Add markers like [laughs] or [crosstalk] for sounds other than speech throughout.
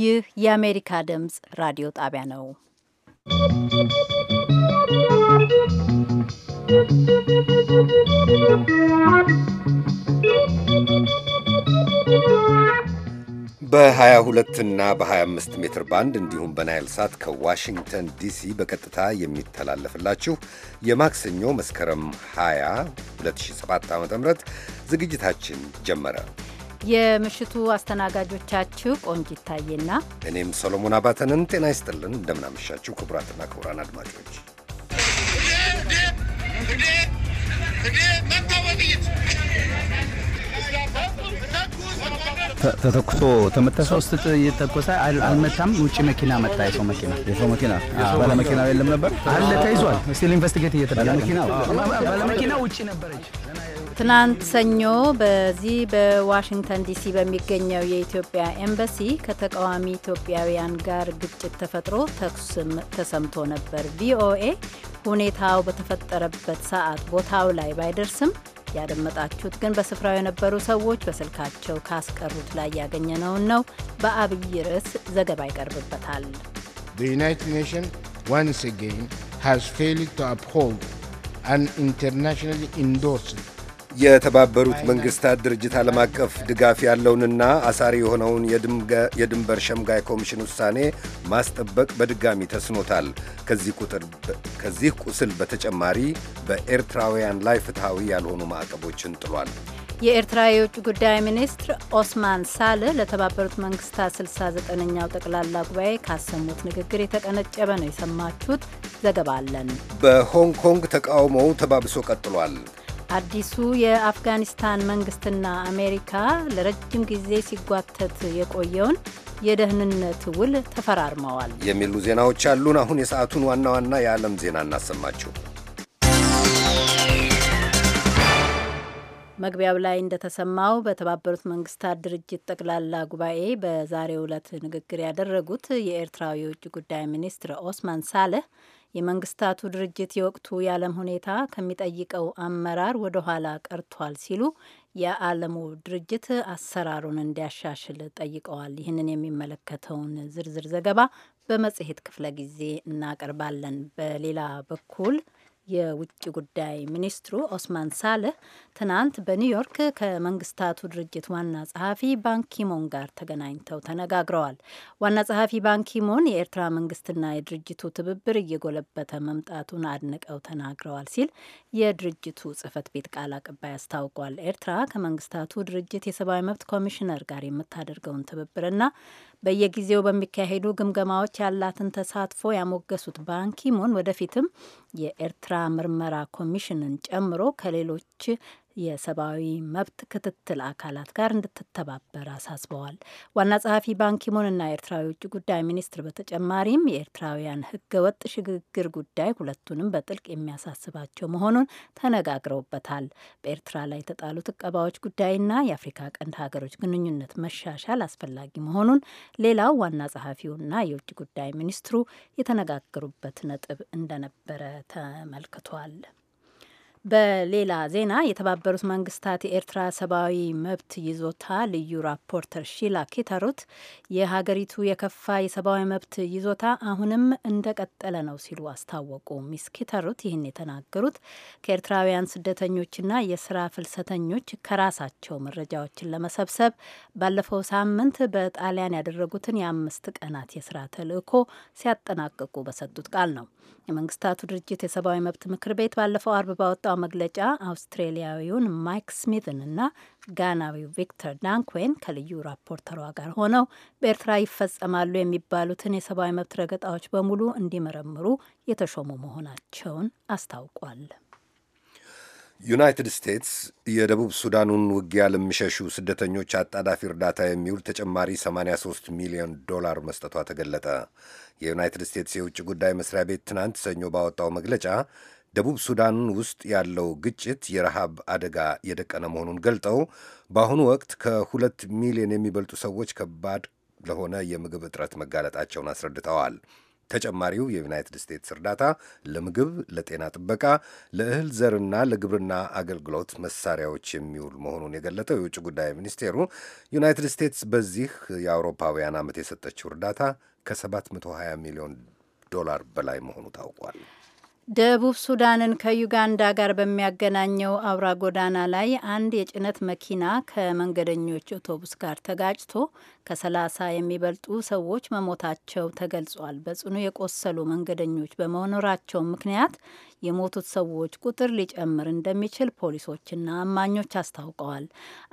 ይህ የአሜሪካ ድምፅ ራዲዮ ጣቢያ ነው። በ22 እና በ25 ሜትር ባንድ እንዲሁም በናይል ሳት ከዋሽንግተን ዲሲ በቀጥታ የሚተላለፍላችሁ የማክሰኞ መስከረም 20 2007 ም ዝግጅታችን ጀመረ። የምሽቱ አስተናጋጆቻችሁ ቆንጅ ይታየና እኔም ሰሎሞን አባተንን። ጤና ይስጥልን፣ እንደምናመሻችሁ ክቡራትና ክቡራን አድማጮች ተተኩሶ ተመታ። ሶስት ጥይት ተኮሰ። አልመታም። ውጭ መኪና መጣ። የሰው መኪና የሰው መኪና ባለ መኪና የለም ነበር አለ ተይዟል። ስቲል ኢንቨስቲጌት እየተደረገ መኪና፣ ባለ ባለመኪና ውጭ ነበረች። ትናንት ሰኞ በዚህ በዋሽንግተን ዲሲ በሚገኘው የኢትዮጵያ ኤምባሲ ከተቃዋሚ ኢትዮጵያውያን ጋር ግጭት ተፈጥሮ ተኩስም ተሰምቶ ነበር። ቪኦኤ ሁኔታው በተፈጠረበት ሰዓት ቦታው ላይ ባይደርስም ያደመጣችሁት ግን በስፍራው የነበሩ ሰዎች በስልካቸው ካስቀሩት ላይ ያገኘነውን ነው። በአብይ ርዕስ ዘገባ ይቀርብበታል። The United Nations once again has failed to uphold an internationally endorsed የተባበሩት መንግስታት ድርጅት ዓለም አቀፍ ድጋፍ ያለውንና አሳሪ የሆነውን የድንበር ሸምጋይ ኮሚሽን ውሳኔ ማስጠበቅ በድጋሚ ተስኖታል። ከዚህ ቁስል በተጨማሪ በኤርትራውያን ላይ ፍትሐዊ ያልሆኑ ማዕቀቦችን ጥሏል። የኤርትራ የውጭ ጉዳይ ሚኒስትር ኦስማን ሳልህ ለተባበሩት መንግስታት 69ኛው ጠቅላላ ጉባኤ ካሰሙት ንግግር የተቀነጨበ ነው የሰማችሁት። ዘገባ አለን። በሆንግ ኮንግ ተቃውሞው ተባብሶ ቀጥሏል። አዲሱ የአፍጋኒስታን መንግስትና አሜሪካ ለረጅም ጊዜ ሲጓተት የቆየውን የደህንነት ውል ተፈራርመዋል የሚሉ ዜናዎች አሉን። አሁን የሰዓቱን ዋና ዋና የዓለም ዜና እናሰማችሁ። መግቢያው ላይ እንደተሰማው በተባበሩት መንግስታት ድርጅት ጠቅላላ ጉባኤ በዛሬው ዕለት ንግግር ያደረጉት የኤርትራዊ የውጭ ጉዳይ ሚኒስትር ኦስማን ሳለህ የመንግስታቱ ድርጅት የወቅቱ የዓለም ሁኔታ ከሚጠይቀው አመራር ወደ ኋላ ቀርቷል ሲሉ የዓለሙ ድርጅት አሰራሩን እንዲያሻሽል ጠይቀዋል። ይህንን የሚመለከተውን ዝርዝር ዘገባ በመጽሔት ክፍለ ጊዜ እናቀርባለን። በሌላ በኩል የውጭ ጉዳይ ሚኒስትሩ ኦስማን ሳልህ ትናንት በኒውዮርክ ከመንግስታቱ ድርጅት ዋና ጸሐፊ ባንኪሞን ጋር ተገናኝተው ተነጋግረዋል። ዋና ጸሐፊ ባንኪሞን የኤርትራ መንግስትና የድርጅቱ ትብብር እየጎለበተ መምጣቱን አድንቀው ተናግረዋል ሲል የድርጅቱ ጽህፈት ቤት ቃል አቀባይ አስታውቋል። ኤርትራ ከመንግስታቱ ድርጅት የሰብአዊ መብት ኮሚሽነር ጋር የምታደርገውን ትብብርና በየጊዜው በሚካሄዱ ግምገማዎች ያላትን ተሳትፎ ያሞገሱት ባንኪሙን ወደፊትም የኤርትራ ምርመራ ኮሚሽንን ጨምሮ ከሌሎች የሰብአዊ መብት ክትትል አካላት ጋር እንድትተባበር አሳስበዋል። ዋና ጸሐፊ ባንኪሙንና የኤርትራዊ ውጭ ጉዳይ ሚኒስትር በተጨማሪም የኤርትራውያን ህገወጥ ሽግግር ጉዳይ ሁለቱንም በጥልቅ የሚያሳስባቸው መሆኑን ተነጋግረውበታል። በኤርትራ ላይ የተጣሉት እቀባዎች ጉዳይና የአፍሪካ ቀንድ ሀገሮች ግንኙነት መሻሻል አስፈላጊ መሆኑን ሌላው ዋና ጸሐፊውና የውጭ ጉዳይ ሚኒስትሩ የተነጋገሩበት ነጥብ እንደነበረ ተመልክቷል። በሌላ ዜና የተባበሩት መንግስታት የኤርትራ ሰብአዊ መብት ይዞታ ልዩ ራፖርተር ሺላ ኬተሩት የሀገሪቱ የከፋ የሰብአዊ መብት ይዞታ አሁንም እንደቀጠለ ነው ሲሉ አስታወቁ። ሚስ ኬተሩት ይህን የተናገሩት ከኤርትራውያን ስደተኞችና የስራ ፍልሰተኞች ከራሳቸው መረጃዎችን ለመሰብሰብ ባለፈው ሳምንት በጣሊያን ያደረጉትን የአምስት ቀናት የስራ ተልእኮ ሲያጠናቅቁ በሰጡት ቃል ነው። የመንግስታቱ ድርጅት የሰብአዊ መብት ምክር ቤት ባለፈው አርብ ባወጣው መግለጫ አውስትሬሊያዊውን ማይክ ስሚትን እና ጋናዊው ቪክተር ዳንኩዌን ከልዩ ራፖርተሯ ጋር ሆነው በኤርትራ ይፈጸማሉ የሚባሉትን የሰብአዊ መብት ረገጣዎች በሙሉ እንዲመረምሩ የተሾሙ መሆናቸውን አስታውቋል። ዩናይትድ ስቴትስ የደቡብ ሱዳኑን ውጊያ ለሚሸሹ ስደተኞች አጣዳፊ እርዳታ የሚውል ተጨማሪ 83 ሚሊዮን ዶላር መስጠቷ ተገለጠ። የዩናይትድ ስቴትስ የውጭ ጉዳይ መስሪያ ቤት ትናንት ሰኞ ባወጣው መግለጫ ደቡብ ሱዳን ውስጥ ያለው ግጭት የረሃብ አደጋ የደቀነ መሆኑን ገልጠው በአሁኑ ወቅት ከሁለት ሚሊዮን የሚበልጡ ሰዎች ከባድ ለሆነ የምግብ እጥረት መጋለጣቸውን አስረድተዋል። ተጨማሪው የዩናይትድ ስቴትስ እርዳታ ለምግብ፣ ለጤና ጥበቃ፣ ለእህል ዘርና ለግብርና አገልግሎት መሳሪያዎች የሚውል መሆኑን የገለጠው የውጭ ጉዳይ ሚኒስቴሩ ዩናይትድ ስቴትስ በዚህ የአውሮፓውያን ዓመት የሰጠችው እርዳታ ከ720 ሚሊዮን ዶላር በላይ መሆኑ ታውቋል። ደቡብ ሱዳንን ከዩጋንዳ ጋር በሚያገናኘው አውራ ጎዳና ላይ አንድ የጭነት መኪና ከመንገደኞች አውቶቡስ ጋር ተጋጭቶ ከሰላሳ የሚበልጡ ሰዎች መሞታቸው ተገልጿል። በጽኑ የቆሰሉ መንገደኞች በመኖራቸው ምክንያት የሞቱት ሰዎች ቁጥር ሊጨምር እንደሚችል ፖሊሶችና አማኞች አስታውቀዋል።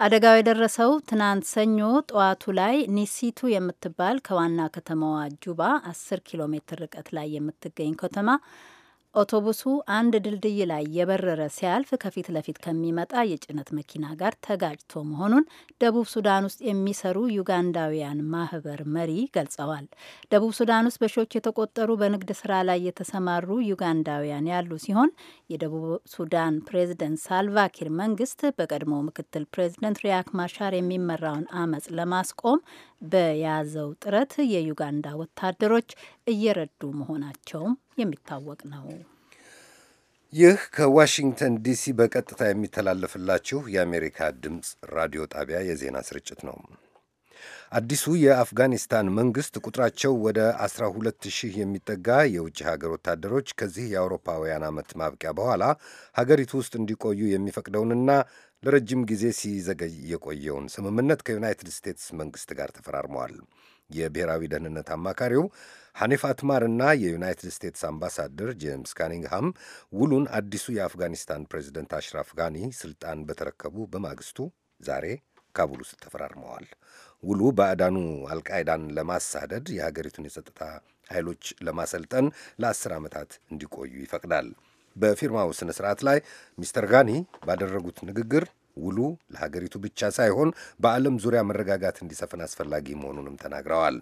አደጋው የደረሰው ትናንት ሰኞ ጠዋቱ ላይ ኒሲቱ የምትባል ከዋና ከተማዋ ጁባ 10 ኪሎ ሜትር ርቀት ላይ የምትገኝ ከተማ አውቶቡሱ አንድ ድልድይ ላይ የበረረ ሲያልፍ ከፊት ለፊት ከሚመጣ የጭነት መኪና ጋር ተጋጭቶ መሆኑን ደቡብ ሱዳን ውስጥ የሚሰሩ ዩጋንዳውያን ማህበር መሪ ገልጸዋል። ደቡብ ሱዳን ውስጥ በሺዎች የተቆጠሩ በንግድ ስራ ላይ የተሰማሩ ዩጋንዳውያን ያሉ ሲሆን የደቡብ ሱዳን ፕሬዝደንት ሳልቫኪር መንግስት በቀድሞ ምክትል ፕሬዝደንት ሪያክ ማሻር የሚመራውን አመጽ ለማስቆም በያዘው ጥረት የዩጋንዳ ወታደሮች እየረዱ መሆናቸውም የሚታወቅ ነው። ይህ ከዋሽንግተን ዲሲ በቀጥታ የሚተላለፍላችሁ የአሜሪካ ድምፅ ራዲዮ ጣቢያ የዜና ስርጭት ነው። አዲሱ የአፍጋኒስታን መንግሥት ቁጥራቸው ወደ 12 ሺህ የሚጠጋ የውጭ ሀገር ወታደሮች ከዚህ የአውሮፓውያን ዓመት ማብቂያ በኋላ ሀገሪቱ ውስጥ እንዲቆዩ የሚፈቅደውንና ለረጅም ጊዜ ሲዘገይ የቆየውን ስምምነት ከዩናይትድ ስቴትስ መንግሥት ጋር ተፈራርመዋል። የብሔራዊ ደህንነት አማካሪው ሐኒፍ አትማርና የዩናይትድ ስቴትስ አምባሳደር ጄምስ ካኒንግሃም ውሉን አዲሱ የአፍጋኒስታን ፕሬዚደንት አሽራፍ ጋኒ ስልጣን በተረከቡ በማግስቱ ዛሬ ካቡል ውስጥ ተፈራርመዋል። ውሉ ባዕዳኑ አልቃይዳን ለማሳደድ የሀገሪቱን የጸጥታ ኃይሎች ለማሰልጠን ለአስር ዓመታት እንዲቆዩ ይፈቅዳል። በፊርማው ስነ ስርዓት ላይ ሚስተር ጋኒ ባደረጉት ንግግር ውሉ ለሀገሪቱ ብቻ ሳይሆን በዓለም ዙሪያ መረጋጋት እንዲሰፍን አስፈላጊ መሆኑንም ተናግረዋል።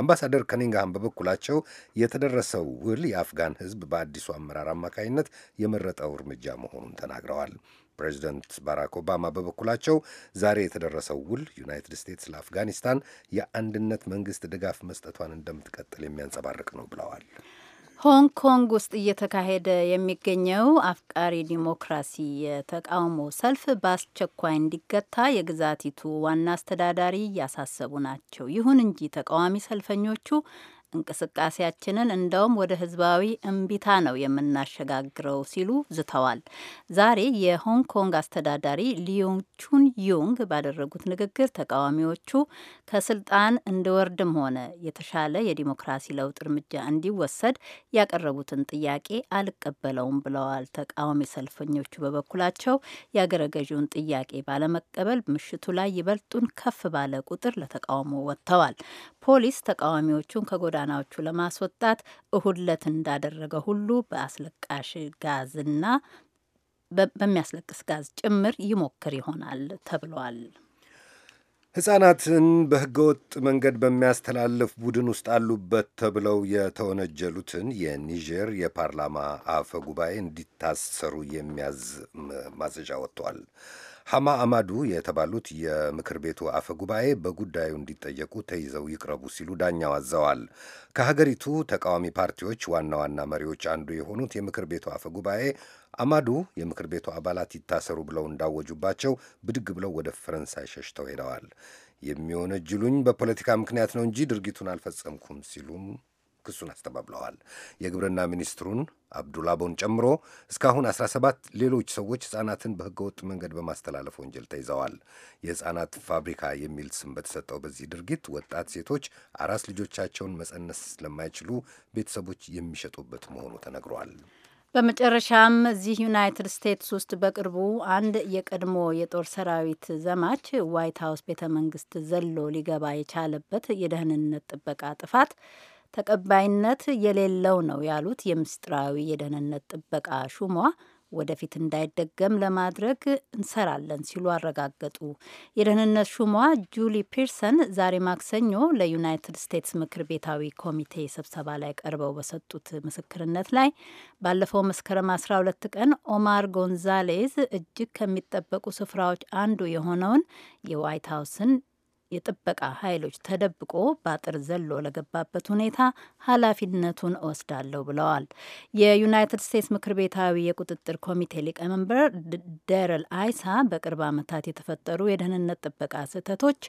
አምባሳደር ከኒንግሃም በበኩላቸው የተደረሰው ውል የአፍጋን ሕዝብ በአዲሱ አመራር አማካኝነት የመረጠው እርምጃ መሆኑን ተናግረዋል። ፕሬዚደንት ባራክ ኦባማ በበኩላቸው ዛሬ የተደረሰው ውል ዩናይትድ ስቴትስ ለአፍጋኒስታን የአንድነት መንግስት ድጋፍ መስጠቷን እንደምትቀጥል የሚያንጸባርቅ ነው ብለዋል። ሆንግ ኮንግ ውስጥ እየተካሄደ የሚገኘው አፍቃሪ ዲሞክራሲ የተቃውሞ ሰልፍ በአስቸኳይ እንዲገታ የግዛቲቱ ዋና አስተዳዳሪ እያሳሰቡ ናቸው። ይሁን እንጂ ተቃዋሚ ሰልፈኞቹ እንቅስቃሴያችንን እንደውም ወደ ህዝባዊ እምቢታ ነው የምናሸጋግረው ሲሉ ዝተዋል። ዛሬ የሆንግ ኮንግ አስተዳዳሪ ሊዮን ቹን ዩንግ ባደረጉት ንግግር ተቃዋሚዎቹ ከስልጣን እንድወርድም ሆነ የተሻለ የዲሞክራሲ ለውጥ እርምጃ እንዲወሰድ ያቀረቡትን ጥያቄ አልቀበለውም ብለዋል። ተቃዋሚ ሰልፈኞቹ በበኩላቸው የአገረ ገዢውን ጥያቄ ባለመቀበል ምሽቱ ላይ ይበልጡን ከፍ ባለ ቁጥር ለተቃውሞ ወጥተዋል። ፖሊስ ተቃዋሚዎቹን ከጎዳናዎቹ ለማስወጣት እሁድ እንዳደረገ ሁሉ በአስለቃሽ ጋዝና በሚያስለቅስ ጋዝ ጭምር ይሞክር ይሆናል ተብሏል። ሕፃናትን በህገወጥ መንገድ በሚያስተላልፍ ቡድን ውስጥ አሉበት ተብለው የተወነጀሉትን የኒጀር የፓርላማ አፈ ጉባኤ እንዲታሰሩ የሚያዝ ማዘዣ ወጥቷል። ሐማ አማዱ የተባሉት የምክር ቤቱ አፈ ጉባኤ በጉዳዩ እንዲጠየቁ ተይዘው ይቅረቡ ሲሉ ዳኛው አዘዋል። ከሀገሪቱ ተቃዋሚ ፓርቲዎች ዋና ዋና መሪዎች አንዱ የሆኑት የምክር ቤቱ አፈ ጉባኤ አማዱ የምክር ቤቱ አባላት ይታሰሩ ብለው እንዳወጁባቸው ብድግ ብለው ወደ ፈረንሳይ ሸሽተው ሄደዋል። የሚወነጅሉኝ በፖለቲካ ምክንያት ነው እንጂ ድርጊቱን አልፈጸምኩም ሲሉም ክሱን አስተባብለዋል። የግብርና ሚኒስትሩን አብዱላቦን ጨምሮ እስካሁን 17 ሌሎች ሰዎች ሕፃናትን በህገወጥ መንገድ በማስተላለፍ ወንጀል ተይዘዋል። የሕፃናት ፋብሪካ የሚል ስም በተሰጠው በዚህ ድርጊት ወጣት ሴቶች አራስ ልጆቻቸውን መጸነስ ስለማይችሉ ቤተሰቦች የሚሸጡበት መሆኑ ተነግሯል። በመጨረሻም እዚህ ዩናይትድ ስቴትስ ውስጥ በቅርቡ አንድ የቀድሞ የጦር ሰራዊት ዘማች ዋይት ሀውስ ቤተ መንግስት ዘሎ ሊገባ የቻለበት የደህንነት ጥበቃ ጥፋት ተቀባይነት የሌለው ነው ያሉት የምስጢራዊ የደህንነት ጥበቃ ሹሟ ወደፊት እንዳይደገም ለማድረግ እንሰራለን ሲሉ አረጋገጡ። የደህንነት ሹሟ ጁሊ ፒርሰን ዛሬ ማክሰኞ ለዩናይትድ ስቴትስ ምክር ቤታዊ ኮሚቴ ስብሰባ ላይ ቀርበው በሰጡት ምስክርነት ላይ ባለፈው መስከረም 12 ቀን ኦማር ጎንዛሌዝ እጅግ ከሚጠበቁ ስፍራዎች አንዱ የሆነውን የዋይት ሀውስን የጥበቃ ኃይሎች ተደብቆ በአጥር ዘሎ ለገባበት ሁኔታ ኃላፊነቱን እወስዳለሁ ብለዋል። የዩናይትድ ስቴትስ ምክር ቤታዊ የቁጥጥር ኮሚቴ ሊቀመንበር ደረል አይሳ በቅርብ ዓመታት የተፈጠሩ የደህንነት ጥበቃ ስህተቶች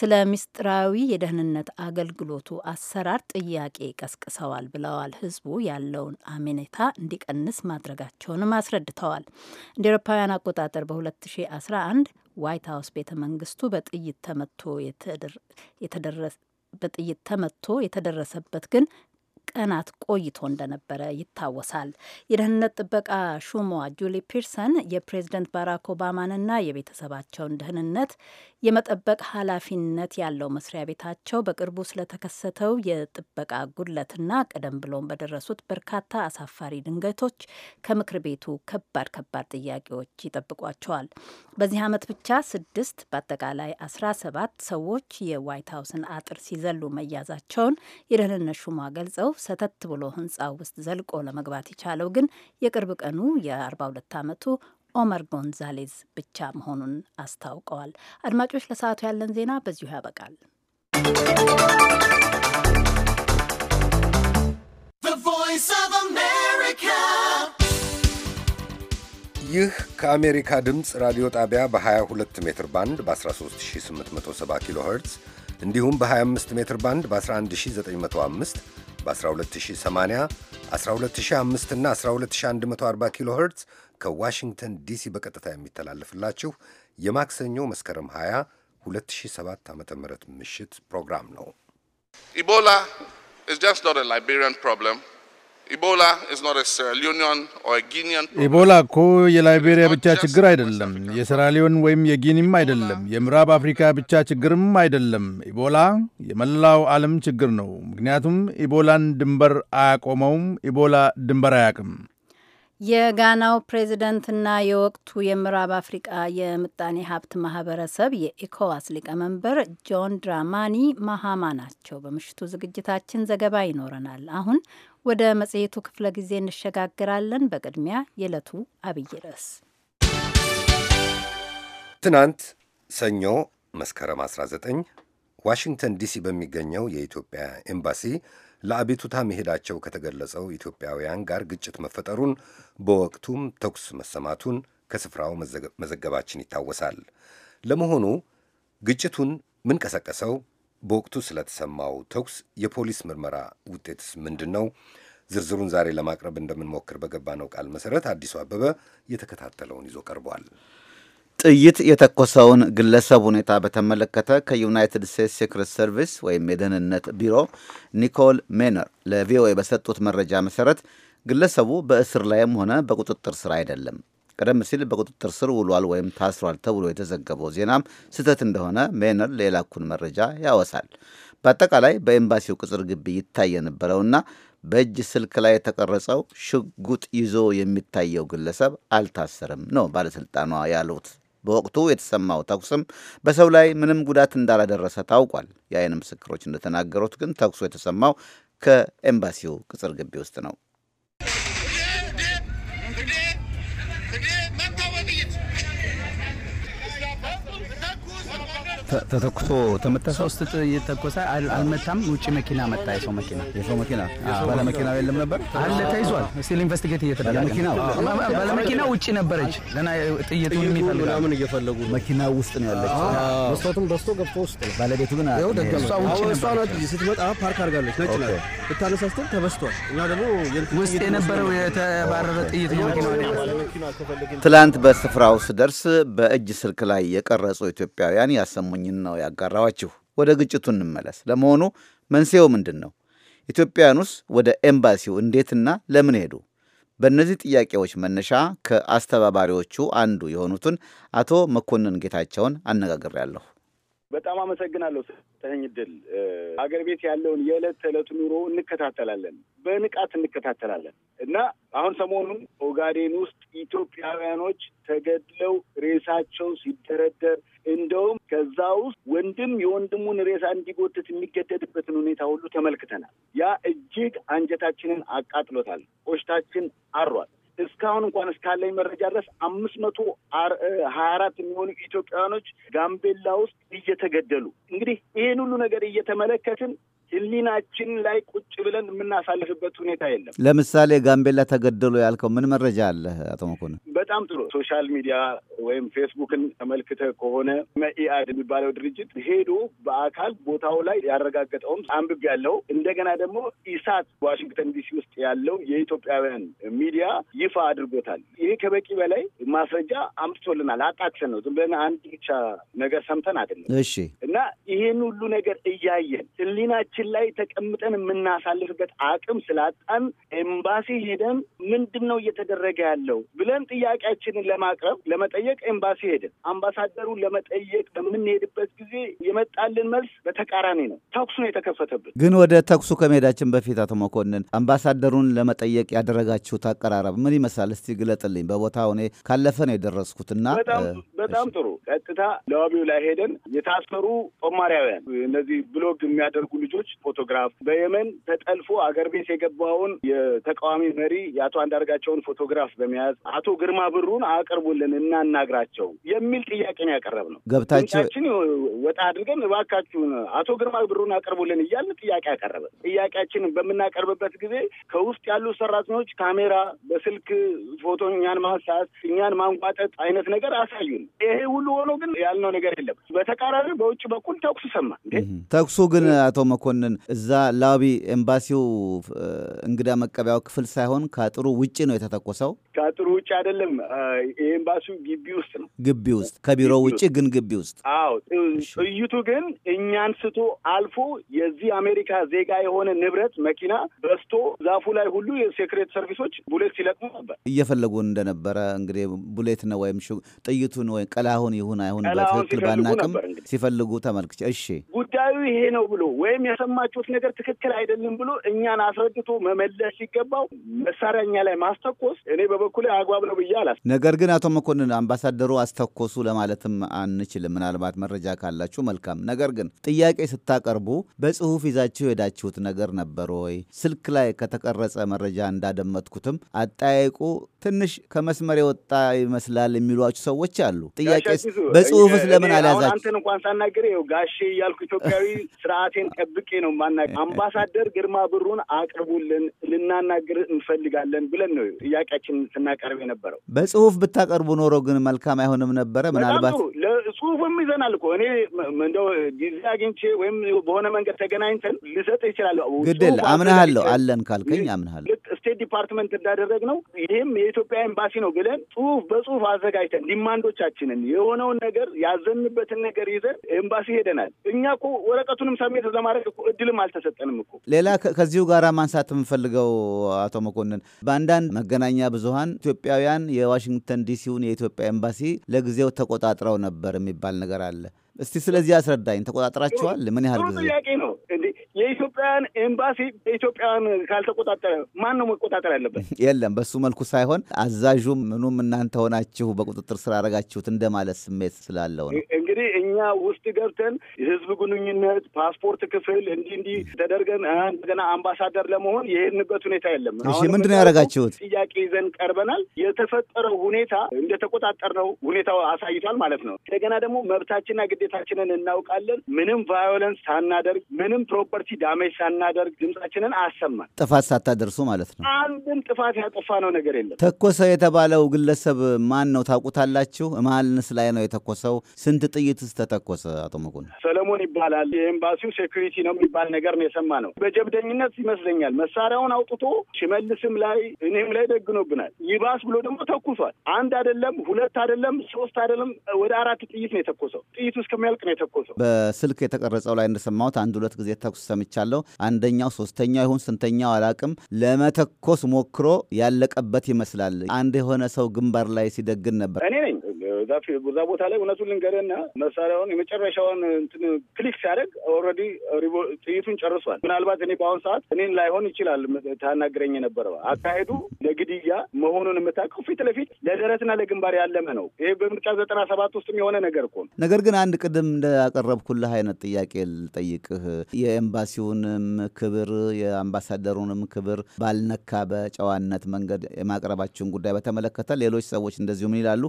ስለ ምስጢራዊ የደህንነት አገልግሎቱ አሰራር ጥያቄ ቀስቅሰዋል ብለዋል። ህዝቡ ያለውን አመኔታ እንዲቀንስ ማድረጋቸውንም አስረድተዋል። እንደ ኤሮፓውያን አቆጣጠር በ2011 ዋይት ሀውስ ቤተ መንግስቱ በጥይት ተመቶ በጥይት ተመቶ የተደረሰበት ግን ቀናት ቆይቶ እንደነበረ ይታወሳል። የደህንነት ጥበቃ ሹሟ ጁሊ ፒርሰን የፕሬዝደንት ባራክ ኦባማንና የቤተሰባቸውን ደህንነት የመጠበቅ ኃላፊነት ያለው መስሪያ ቤታቸው በቅርቡ ስለተከሰተው የጥበቃ ጉድለትና ቀደም ብሎም በደረሱት በርካታ አሳፋሪ ድንገቶች ከምክር ቤቱ ከባድ ከባድ ጥያቄዎች ይጠብቋቸዋል። በዚህ ዓመት ብቻ ስድስት በአጠቃላይ አስራ ሰባት ሰዎች የዋይት ሀውስን አጥር ሲዘሉ መያዛቸውን የደህንነት ሹሟ ገልጸው ሰተት ብሎ ህንፃ ውስጥ ዘልቆ ለመግባት የቻለው ግን የቅርብ ቀኑ የ42 ዓመቱ ኦመር ጎንዛሌዝ ብቻ መሆኑን አስታውቀዋል። አድማጮች፣ ለሰዓቱ ያለን ዜና በዚሁ ያበቃል። ይህ ከአሜሪካ ድምፅ ራዲዮ ጣቢያ በ22 ሜትር ባንድ በ13870 ኪሎ ኸርትዝ እንዲሁም በ25 ሜትር ባንድ በ11905 በ12080 12005 ና 12140 ኪሎ ሄርትዝ ከዋሽንግተን ዲሲ በቀጥታ የሚተላለፍላችሁ የማክሰኞ መስከረም 20 2007 ዓ ም ምሽት ፕሮግራም ነው። ኢቦላ ኢዝ ጀስት ኖት ኤ ላይቤሪያን ፕሮብለም ኢቦላ እኮ የላይቤሪያ ብቻ ችግር አይደለም፣ የሴራሊዮን ወይም የጊኒም አይደለም፣ የምዕራብ አፍሪካ ብቻ ችግርም አይደለም። ኢቦላ የመላው ዓለም ችግር ነው። ምክንያቱም ኢቦላን ድንበር አያቆመውም። ኢቦላ ድንበር አያውቅም። የጋናው ፕሬዚደንትና የወቅቱ የምዕራብ አፍሪቃ የምጣኔ ሀብት ማህበረሰብ የኢኮዋስ ሊቀመንበር ጆን ድራማኒ ማሃማ ናቸው። በምሽቱ ዝግጅታችን ዘገባ ይኖረናል። አሁን ወደ መጽሔቱ ክፍለ ጊዜ እንሸጋግራለን። በቅድሚያ የዕለቱ አብይ ርዕስ ትናንት ሰኞ መስከረም 19 ዋሽንግተን ዲሲ በሚገኘው የኢትዮጵያ ኤምባሲ ለአቤቱታ መሄዳቸው ከተገለጸው ኢትዮጵያውያን ጋር ግጭት መፈጠሩን በወቅቱም ተኩስ መሰማቱን ከስፍራው መዘገባችን ይታወሳል። ለመሆኑ ግጭቱን ምን ቀሰቀሰው? በወቅቱ ስለተሰማው ተኩስ የፖሊስ ምርመራ ውጤትስ ምንድን ነው? ዝርዝሩን ዛሬ ለማቅረብ እንደምንሞክር በገባነው ቃል መሰረት አዲሱ አበበ የተከታተለውን ይዞ ቀርቧል። ጥይት የተኮሰውን ግለሰብ ሁኔታ በተመለከተ ከዩናይትድ ስቴትስ ሴክሬት ሰርቪስ ወይም የደህንነት ቢሮ ኒኮል ሜነር ለቪኦኤ በሰጡት መረጃ መሰረት ግለሰቡ በእስር ላይም ሆነ በቁጥጥር ስር አይደለም። ቀደም ሲል በቁጥጥር ስር ውሏል ወይም ታስሯል ተብሎ የተዘገበው ዜናም ስህተት እንደሆነ ሜነር የላኩን መረጃ ያወሳል። በአጠቃላይ በኤምባሲው ቅጽር ግቢ ይታይ የነበረውና በእጅ ስልክ ላይ የተቀረጸው ሽጉጥ ይዞ የሚታየው ግለሰብ አልታሰርም ነው ባለሥልጣኗ ያሉት። በወቅቱ የተሰማው ተኩስም በሰው ላይ ምንም ጉዳት እንዳላደረሰ ታውቋል። የአይን ምስክሮች እንደተናገሩት ግን ተኩሱ የተሰማው ከኤምባሲው ቅጽር ግቢ ውስጥ ነው። ተተኩሶ ተመታ። ሶስት ጥይት ተኮሰ። አልመታም። ውጭ መኪና መጣ። የሰው መኪና የሰው መኪና ባለ መኪናው የለም ነበር አለ ተይዟል። ስቲል ኢንቨስቲጌት እየተደረገ መኪናው ባለ መኪናው ውጭ ነበረች። ገና ጥይቱ ምናምን እየፈለጉ መኪና ውስጥ ነው ያለች። መስታወቱም በስቶ ገብቶ ውስጥ ነው። ባለቤቱ ግን ውጭ ስትመጣ ፓርክ አድርጋለች። ነጭ ነው ብታነሳ ተበስቷል። እኛ ደግሞ ውስጥ የነበረው የተባረረ ጥይት ነው። መኪናው። ትላንት በስፍራው ስደርስ በእጅ ስልክ ላይ የቀረጹ ኢትዮጵያውያን ያሰሙኝ ገጠመኝን ነው ያጋራዋችሁ። ወደ ግጭቱ እንመለስ። ለመሆኑ መንስኤው ምንድን ነው? ኢትዮጵያውያኑስ ወደ ኤምባሲው እንዴትና ለምን ሄዱ? በእነዚህ ጥያቄዎች መነሻ ከአስተባባሪዎቹ አንዱ የሆኑትን አቶ መኮንን ጌታቸውን አነጋግሬያለሁ። በጣም አመሰግናለሁ ስለሰጠኸኝ ድል ሀገር ቤት ያለውን የዕለት ተዕለት ኑሮ እንከታተላለን፣ በንቃት እንከታተላለን እና አሁን ሰሞኑን ኦጋዴን ውስጥ ኢትዮጵያውያኖች ተገድለው ሬሳቸው ሲደረደር እንደውም ከዛ ውስጥ ወንድም የወንድሙን ሬሳ እንዲጎትት የሚገደድበትን ሁኔታ ሁሉ ተመልክተናል። ያ እጅግ አንጀታችንን አቃጥሎታል፣ ቆሽታችን አሯል። እስካሁን እንኳን እስካለኝ መረጃ ድረስ አምስት መቶ ሀያ አራት የሚሆኑ ኢትዮጵያውያኖች ጋምቤላ ውስጥ እየተገደሉ እንግዲህ ይህን ሁሉ ነገር እየተመለከትን ህሊናችን ላይ ቁጭ ብለን የምናሳልፍበት ሁኔታ የለም። ለምሳሌ ጋምቤላ ተገደሉ ያልከው ምን መረጃ አለ አቶ መኮንን? በጣም ጥሩ ሶሻል ሚዲያ ወይም ፌስቡክን ተመልክተ ከሆነ መኢአድ የሚባለው ድርጅት ሄዶ በአካል ቦታው ላይ ያረጋገጠውም አንብብ ያለው እንደገና ደግሞ ኢሳት ዋሽንግተን ዲሲ ውስጥ ያለው የኢትዮጵያውያን ሚዲያ ይ ይፋ አድርጎታል። ይሄ ከበቂ በላይ ማስረጃ አምጥቶልናል። አጣቅሰን ነው ዝም ብለን አንድ ብቻ ነገር ሰምተን አይደለም። እሺ እና ይሄን ሁሉ ነገር እያየን ህሊናችን ላይ ተቀምጠን የምናሳልፍበት አቅም ስላጣን ኤምባሲ ሄደን ምንድን ነው እየተደረገ ያለው ብለን ጥያቄያችንን ለማቅረብ ለመጠየቅ ኤምባሲ ሄደን አምባሳደሩን ለመጠየቅ በምንሄድበት ጊዜ የመጣልን መልስ በተቃራኒ ነው። ተኩሱ ነው የተከፈተብን። ግን ወደ ተኩሱ ከመሄዳችን በፊት አቶ መኮንን አምባሳደሩን ለመጠየቅ ያደረጋችሁት አቀራረብ ምን ምን ይመስላል? እስቲ ግለጥልኝ። በቦታው እኔ ካለፈ ነው የደረስኩትና በጣም ጥሩ። ቀጥታ ለዋቢው ላይ ሄደን የታሰሩ ጦማሪያውያን፣ እነዚህ ብሎግ የሚያደርጉ ልጆች ፎቶግራፍ በየመን ተጠልፎ አገር ቤት የገባውን የተቃዋሚ መሪ የአቶ አንዳርጋቸውን ፎቶግራፍ በመያዝ አቶ ግርማ ብሩን አቅርቡልን እናናግራቸው የሚል ጥያቄ ነው ያቀረብ ነው። ገብታችን ወጣ አድርገን እባካችሁን አቶ ግርማ ብሩን አቅርቡልን እያልን ጥያቄ አቀረበ። ጥያቄያችንን በምናቀርብበት ጊዜ ከውስጥ ያሉ ሰራተኞች ካሜራ በስልክ ስልክ ፎቶ እኛን ማሳት፣ እኛን ማንቋጠጥ አይነት ነገር አሳዩን። ይሄ ሁሉ ሆኖ ግን ያልነው ነገር የለም። በተቃራኒ በውጭ በኩል ተኩሱ ሰማ። ተኩሱ ግን አቶ መኮንን እዛ ላቢ ኤምባሲው እንግዳ መቀበያው ክፍል ሳይሆን ከአጥሩ ውጭ ነው የተተኮሰው። ከአጥሩ ውጭ አይደለም፣ ኤምባሲው ግቢ ውስጥ ነው። ግቢ ውስጥ ከቢሮ ውጭ ግን ግቢ ውስጥ። አዎ ጥይቱ ግን እኛን ስቶ አልፎ የዚህ አሜሪካ ዜጋ የሆነ ንብረት መኪና በስቶ ዛፉ ላይ ሁሉ የሴክሬት ሰርቪሶች ቡሌት ሲለቅሙ ነበር እየፈለጉን እንደነበረ እንግዲህ ቡሌት ነው ወይም ጥይቱን ወይም ቀላሁን ይሁን አይሁን በትክክል ባናቅም ሲፈልጉ ተመልክቼ፣ እሺ ጉዳዩ ይሄ ነው ብሎ ወይም የሰማችሁት ነገር ትክክል አይደለም ብሎ እኛን አስረድቶ መመለስ ሲገባው መሳሪያ እኛ ላይ ማስተኮስ እኔ በበኩሌ አግባብ ነው ብዬ አላስ ነገር ግን አቶ መኮንን አምባሳደሩ አስተኮሱ ለማለትም አንችልም። ምናልባት መረጃ ካላችሁ መልካም። ነገር ግን ጥያቄ ስታቀርቡ በጽሁፍ ይዛችሁ የሄዳችሁት ነገር ነበር ወይ? ስልክ ላይ ከተቀረጸ መረጃ እንዳደመጥኩትም አጣ ሐይቁ ትንሽ ከመስመር የወጣ ይመስላል የሚሏቸው ሰዎች አሉ። ጥያቄ በጽሁፍስ ለምን አልያዛችሁ? አንተን እንኳን ሳናገር ው ጋሼ እያልኩ ኢትዮጵያዊ ስርዓቴን ጠብቄ ነው ማናገር። አምባሳደር ግርማ ብሩን አቅርቡልን ልናናግር እንፈልጋለን ብለን ነው ጥያቄያችን ስናቀርብ የነበረው። በጽሁፍ ብታቀርቡ ኖሮ ግን መልካም አይሆንም ነበረ። ምናልባት ጽሁፍም ይዘናል እኮ እኔ እንደው ጊዜ አግኝቼ ወይም በሆነ መንገድ ተገናኝተን ልሰጥ ይችላለሁ። ግድል አምናሃለሁ አለን ካልከኝ አምናሃለሁ። ልክ ስቴት ዲፓርትመንት እንዳደረግ ነው ይህም የኢትዮጵያ ኤምባሲ ነው ብለን ጽሁፍ በጽሁፍ አዘጋጅተን ዲማንዶቻችንን የሆነውን ነገር ያዘንበትን ነገር ይዘን ኤምባሲ ሄደናል። እኛ እኮ ወረቀቱንም ሰሜት ለማድረግ እኮ እድልም አልተሰጠንም እኮ። ሌላ ከዚሁ ጋር ማንሳት የምፈልገው አቶ መኮንን በአንዳንድ መገናኛ ብዙሀን ኢትዮጵያውያን የዋሽንግተን ዲሲውን የኢትዮጵያ ኤምባሲ ለጊዜው ተቆጣጥረው ነበር የሚባል ነገር አለ። እስቲ ስለዚህ አስረዳኝ ተቆጣጥራችኋል? ምን ያህል ጊዜ? ጥያቄ ነው። የኢትዮጵያን ኤምባሲ በኢትዮጵያን ካልተቆጣጠረ ማን ነው መቆጣጠር ያለበት? [laughs] የለም በሱ መልኩ ሳይሆን አዛዡም ምኑም እናንተ ሆናችሁ በቁጥጥር ስር አደረጋችሁት እንደማለት ስሜት ስላለው ነው። እንግዲህ እኛ ውስጥ ገብተን የህዝብ ግንኙነት፣ ፓስፖርት ክፍል እንዲህ እንዲህ ተደርገን እንደገና አምባሳደር ለመሆን የሄድንበት ሁኔታ የለም። እሺ ምንድን ነው ያደረጋችሁት? ጥያቄ ይዘን ቀርበናል። የተፈጠረው ሁኔታ እንደተቆጣጠር ነው ሁኔታው አሳይቷል ማለት ነው። እንደገና ደግሞ መብታችንና ግዴታ መብታችንን እናውቃለን። ምንም ቫዮለንስ ሳናደርግ፣ ምንም ፕሮፐርቲ ዳሜጅ ሳናደርግ ድምጻችንን አሰማን። ጥፋት ሳታደርሱ ማለት ነው። አንድም ጥፋት ያጠፋ ነው ነገር የለም። ተኮሰ የተባለው ግለሰብ ማን ነው ታውቁታላችሁ? መሀልንስ ላይ ነው የተኮሰው? ስንት ጥይትስ ተተኮሰ? አቶ መኮንን ሰለሞን ይባላል። የኤምባሲው ሴኩሪቲ ነው የሚባል ነገር ነው የሰማ ነው። በጀብደኝነት ይመስለኛል መሳሪያውን አውጥቶ ሽመልስም ላይ እኔም ላይ ደግኖብናል። ይባስ ብሎ ደግሞ ተኩሷል። አንድ አይደለም፣ ሁለት አይደለም፣ ሶስት አይደለም፣ ወደ አራት ጥይት ነው የተኮሰው። ጥይቱ እስከሚያልቅ ነው የተኮሰው። በስልክ የተቀረጸው ላይ እንደሰማሁት አንድ ሁለት ጊዜ ተኩስ ሰምቻለሁ። አንደኛው ሶስተኛው ይሁን ስንተኛው አላቅም፣ ለመተኮስ ሞክሮ ያለቀበት ይመስላል። አንድ የሆነ ሰው ግንባር ላይ ሲደግን ነበር። እኔ ነኝ እዛ ቦታ ላይ እውነቱን ልንገርህና መሳሪያውን የመጨረሻውን እንትን ክሊክ ሲያደርግ ኦልሬዲ ጥይቱን ጨርሷል። ምናልባት እኔ በአሁን ሰዓት እኔን ላይሆን ይችላል ታናግረኝ የነበረው አካሄዱ ለግድያ መሆኑን የምታውቀው ፊት ለፊት ለደረትና ለግንባር ያለመ ነው። ይሄ በምርጫ ዘጠና ሰባት ውስጥም የሆነ ነገር እኮ ነው። ነገር ግን አንድ ቅድም እንዳቀረብኩልህ አይነት ጥያቄ ልጠይቅህ የኤምባሲውንም ክብር የአምባሳደሩንም ክብር ባልነካ በጨዋነት መንገድ የማቅረባችሁን ጉዳይ በተመለከተ ሌሎች ሰዎች እንደዚሁ ምን ይላሉ?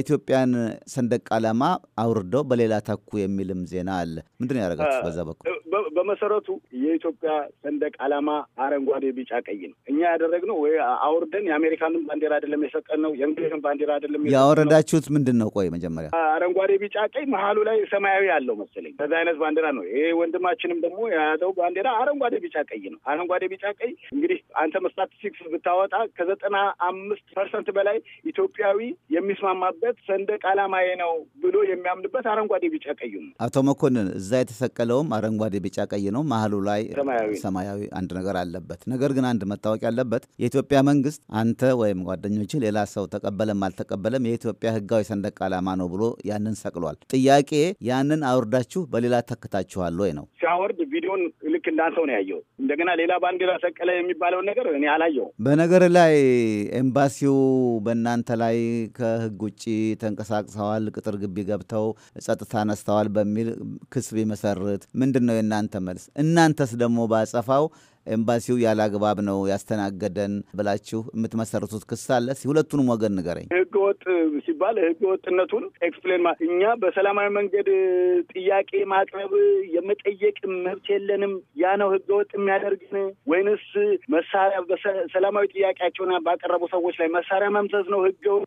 የኢትዮጵያን ሰንደቅ ዓላማ አውርደው በሌላ ተኩ የሚልም ዜና አለ። ምንድን ነው ያደረጋችሁ በዛ በኩል? በመሰረቱ የኢትዮጵያ ሰንደቅ ዓላማ አረንጓዴ፣ ቢጫ፣ ቀይ ነው። እኛ ያደረግነው ወይ አውርደን የአሜሪካንም ባንዲራ አይደለም የሰቀን ነው። የእንግሊዝን ባንዲራ አይደለም ያወረዳችሁት። ምንድን ነው? ቆይ መጀመሪያ አረንጓዴ፣ ቢጫ፣ ቀይ መሀሉ ላይ ሰማያዊ አለው መሰለኝ። ከዚ አይነት ባንዲራ ነው ይሄ። ወንድማችንም ደግሞ የያዘው ባንዲራ አረንጓዴ፣ ቢጫ፣ ቀይ ነው። አረንጓዴ፣ ቢጫ፣ ቀይ እንግዲህ አንተ ስታቲስቲክስ ብታወጣ ከዘጠና አምስት ፐርሰንት በላይ ኢትዮጵያዊ የሚስማማበት ማለት ሰንደቅ ዓላማዬ ነው ብሎ የሚያምንበት አረንጓዴ፣ ቢጫ፣ ቀይ ነው። አቶ መኮንን እዛ የተሰቀለውም አረንጓዴ፣ ቢጫ፣ ቀይ ነው። መሀሉ ላይ ሰማያዊ አንድ ነገር አለበት። ነገር ግን አንድ መታወቅ ያለበት የኢትዮጵያ መንግስት አንተ ወይም ጓደኞች ሌላ ሰው ተቀበለም አልተቀበለም የኢትዮጵያ ህጋዊ ሰንደቅ ዓላማ ነው ብሎ ያንን ሰቅሏል። ጥያቄ ያንን አውርዳችሁ በሌላ ተክታችኋል ወይ ነው። ሲያወርድ ቪዲዮን ልክ እንዳንተው ነው ያየው። እንደገና ሌላ ባንዲራ ሰቀለ የሚባለውን ነገር እኔ አላየው። በነገር ላይ ኤምባሲው በእናንተ ላይ ከህግ ውጭ ተንቀሳቅሰዋል፣ ቅጥር ግቢ ገብተው ጸጥታ ነስተዋል በሚል ክስ ቢመሰርት ምንድን ነው የእናንተ መልስ? እናንተስ ደግሞ ባጸፋው ኤምባሲው ያለ አግባብ ነው ያስተናገደን ብላችሁ የምትመሰርቱት ክስ አለ? ሁለቱንም ወገን ንገረኝ። ህገ ወጥ ሲባል ህገ ወጥነቱን ኤክስፕሌን እኛ በሰላማዊ መንገድ ጥያቄ ማቅረብ የመጠየቅ መብት የለንም? ያ ነው ህገ ወጥ የሚያደርግን ወይንስ መሳሪያ ሰላማዊ ጥያቄያቸውን ባቀረቡ ሰዎች ላይ መሳሪያ መምዘዝ ነው ህገ ወጥ?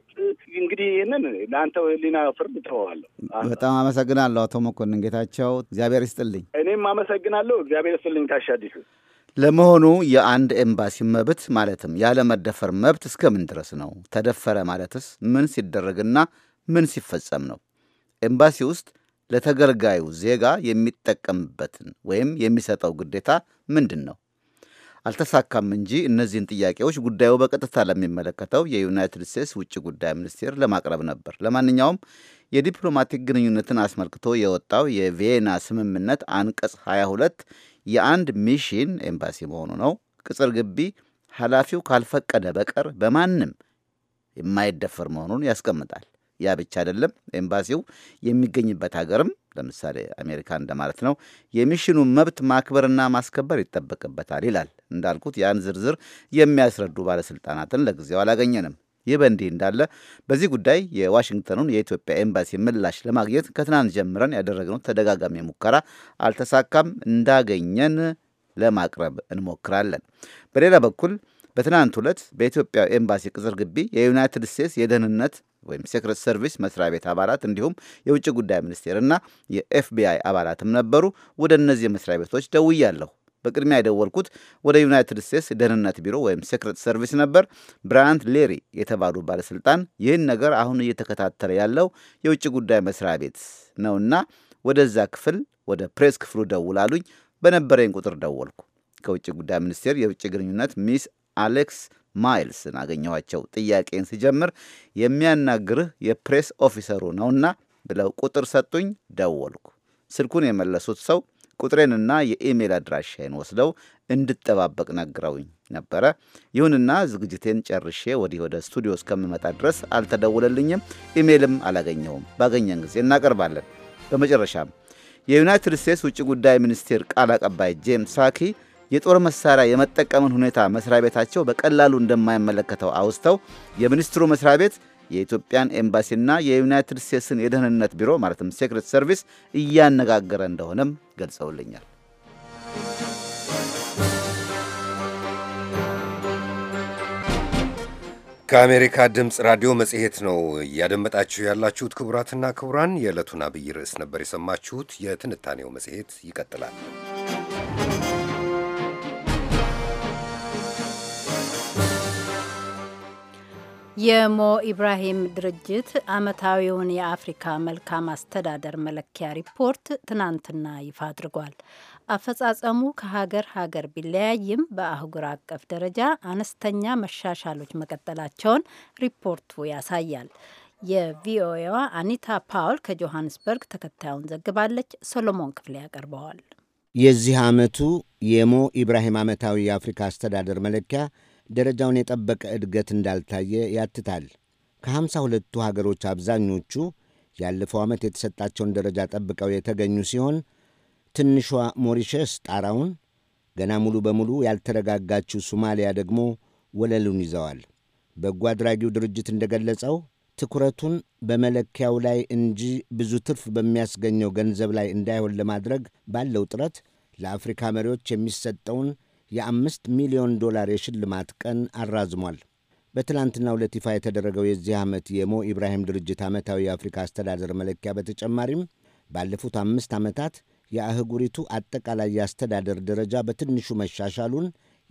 እንግዲህ ይህንን ለአንተ ህሊና ፍርድ ትተዋለሁ። በጣም አመሰግናለሁ አቶ መኮንን ጌታቸው፣ እግዚአብሔር ይስጥልኝ። እኔም አመሰግናለሁ። እግዚአብሔር ይስጥልኝ። ታሻዲሱ ለመሆኑ የአንድ ኤምባሲ መብት ማለትም ያለመደፈር መብት እስከምን ድረስ ነው? ተደፈረ ማለትስ ምን ሲደረግና ምን ሲፈጸም ነው? ኤምባሲ ውስጥ ለተገልጋዩ ዜጋ የሚጠቀምበትን ወይም የሚሰጠው ግዴታ ምንድን ነው? አልተሳካም እንጂ እነዚህን ጥያቄዎች ጉዳዩ በቀጥታ ለሚመለከተው የዩናይትድ ስቴትስ ውጭ ጉዳይ ሚኒስቴር ለማቅረብ ነበር። ለማንኛውም የዲፕሎማቲክ ግንኙነትን አስመልክቶ የወጣው የቪየና ስምምነት አንቀጽ 22 የአንድ ሚሽን ኤምባሲ መሆኑ ነው ቅጽር ግቢ ኃላፊው ካልፈቀደ በቀር በማንም የማይደፈር መሆኑን ያስቀምጣል። ያ ብቻ አይደለም። ኤምባሲው የሚገኝበት ሀገርም ለምሳሌ አሜሪካ እንደማለት ነው። የሚሽኑን መብት ማክበርና ማስከበር ይጠበቅበታል ይላል። እንዳልኩት ያን ዝርዝር የሚያስረዱ ባለስልጣናትን ለጊዜው አላገኘንም። ይህ በእንዲህ እንዳለ በዚህ ጉዳይ የዋሽንግተኑን የኢትዮጵያ ኤምባሲ ምላሽ ለማግኘት ከትናንት ጀምረን ያደረግነው ተደጋጋሚ ሙከራ አልተሳካም። እንዳገኘን ለማቅረብ እንሞክራለን። በሌላ በኩል በትናንት ዕለት በኢትዮጵያ ኤምባሲ ቅጽር ግቢ የዩናይትድ ስቴትስ የደህንነት ወይም ሴክሬት ሰርቪስ መስሪያ ቤት አባላት እንዲሁም የውጭ ጉዳይ ሚኒስቴርና የኤፍቢአይ አባላትም ነበሩ። ወደ እነዚህ መስሪያ ቤቶች ደውያለሁ። በቅድሚያ የደወልኩት ወደ ዩናይትድ ስቴትስ ደህንነት ቢሮ ወይም ሴክሬት ሰርቪስ ነበር። ብራያንት ሌሪ የተባሉ ባለሥልጣን ይህን ነገር አሁን እየተከታተለ ያለው የውጭ ጉዳይ መስሪያ ቤት ነውና ወደዛ ክፍል ወደ ፕሬስ ክፍሉ ደውል አሉኝ። በነበረኝ ቁጥር ደወልኩ። ከውጭ ጉዳይ ሚኒስቴር የውጭ ግንኙነት ሚስ አሌክስ ማይልስን አገኘኋቸው። ጥያቄን ስጀምር የሚያናግርህ የፕሬስ ኦፊሰሩ ነውና ብለው ቁጥር ሰጡኝ። ደወልኩ። ስልኩን የመለሱት ሰው ቁጥሬንና የኢሜል አድራሻዬን ወስደው እንድጠባበቅ ነግረውኝ ነበረ። ይሁንና ዝግጅቴን ጨርሼ ወዲህ ወደ ስቱዲዮ እስከምመጣ ድረስ አልተደወለልኝም፣ ኢሜልም አላገኘውም። ባገኘን ጊዜ እናቀርባለን። በመጨረሻም የዩናይትድ ስቴትስ ውጭ ጉዳይ ሚኒስቴር ቃል አቀባይ ጄምስ ሳኪ የጦር መሳሪያ የመጠቀምን ሁኔታ መስሪያ ቤታቸው በቀላሉ እንደማይመለከተው አውስተው የሚኒስትሩ መስሪያ ቤት የኢትዮጵያን ኤምባሲና የዩናይትድ ስቴትስን የደህንነት ቢሮ ማለትም ሴክሬት ሰርቪስ እያነጋገረ እንደሆነም ገልጸውልኛል። ከአሜሪካ ድምፅ ራዲዮ መጽሔት ነው እያደመጣችሁ ያላችሁት። ክቡራትና ክቡራን፣ የዕለቱን አብይ ርዕስ ነበር የሰማችሁት። የትንታኔው መጽሔት ይቀጥላል። የሞ ኢብራሂም ድርጅት ዓመታዊውን የአፍሪካ መልካም አስተዳደር መለኪያ ሪፖርት ትናንትና ይፋ አድርጓል። አፈጻጸሙ ከሀገር ሀገር ቢለያይም በአህጉር አቀፍ ደረጃ አነስተኛ መሻሻሎች መቀጠላቸውን ሪፖርቱ ያሳያል። የቪኦኤዋ አኒታ ፓውል ከጆሃንስበርግ ተከታዩን ዘግባለች። ሶሎሞን ክፍሌ ያቀርበዋል። የዚህ ዓመቱ የሞ ኢብራሂም ዓመታዊ የአፍሪካ አስተዳደር መለኪያ ደረጃውን የጠበቀ እድገት እንዳልታየ ያትታል። ከሃምሳ ሁለቱ ሀገሮች አብዛኞቹ ያለፈው ዓመት የተሰጣቸውን ደረጃ ጠብቀው የተገኙ ሲሆን ትንሿ ሞሪሸስ ጣራውን ገና ሙሉ በሙሉ ያልተረጋጋችው ሶማሊያ ደግሞ ወለሉን ይዘዋል። በጎ አድራጊው ድርጅት እንደገለጸው ትኩረቱን በመለኪያው ላይ እንጂ ብዙ ትርፍ በሚያስገኘው ገንዘብ ላይ እንዳይሆን ለማድረግ ባለው ጥረት ለአፍሪካ መሪዎች የሚሰጠውን የአምስት ሚሊዮን ዶላር የሽልማት ቀን አራዝሟል። በትላንትና ዕለት ይፋ የተደረገው የዚህ ዓመት የሞ ኢብራሂም ድርጅት ዓመታዊ የአፍሪካ አስተዳደር መለኪያ በተጨማሪም ባለፉት አምስት ዓመታት የአህጉሪቱ አጠቃላይ የአስተዳደር ደረጃ በትንሹ መሻሻሉን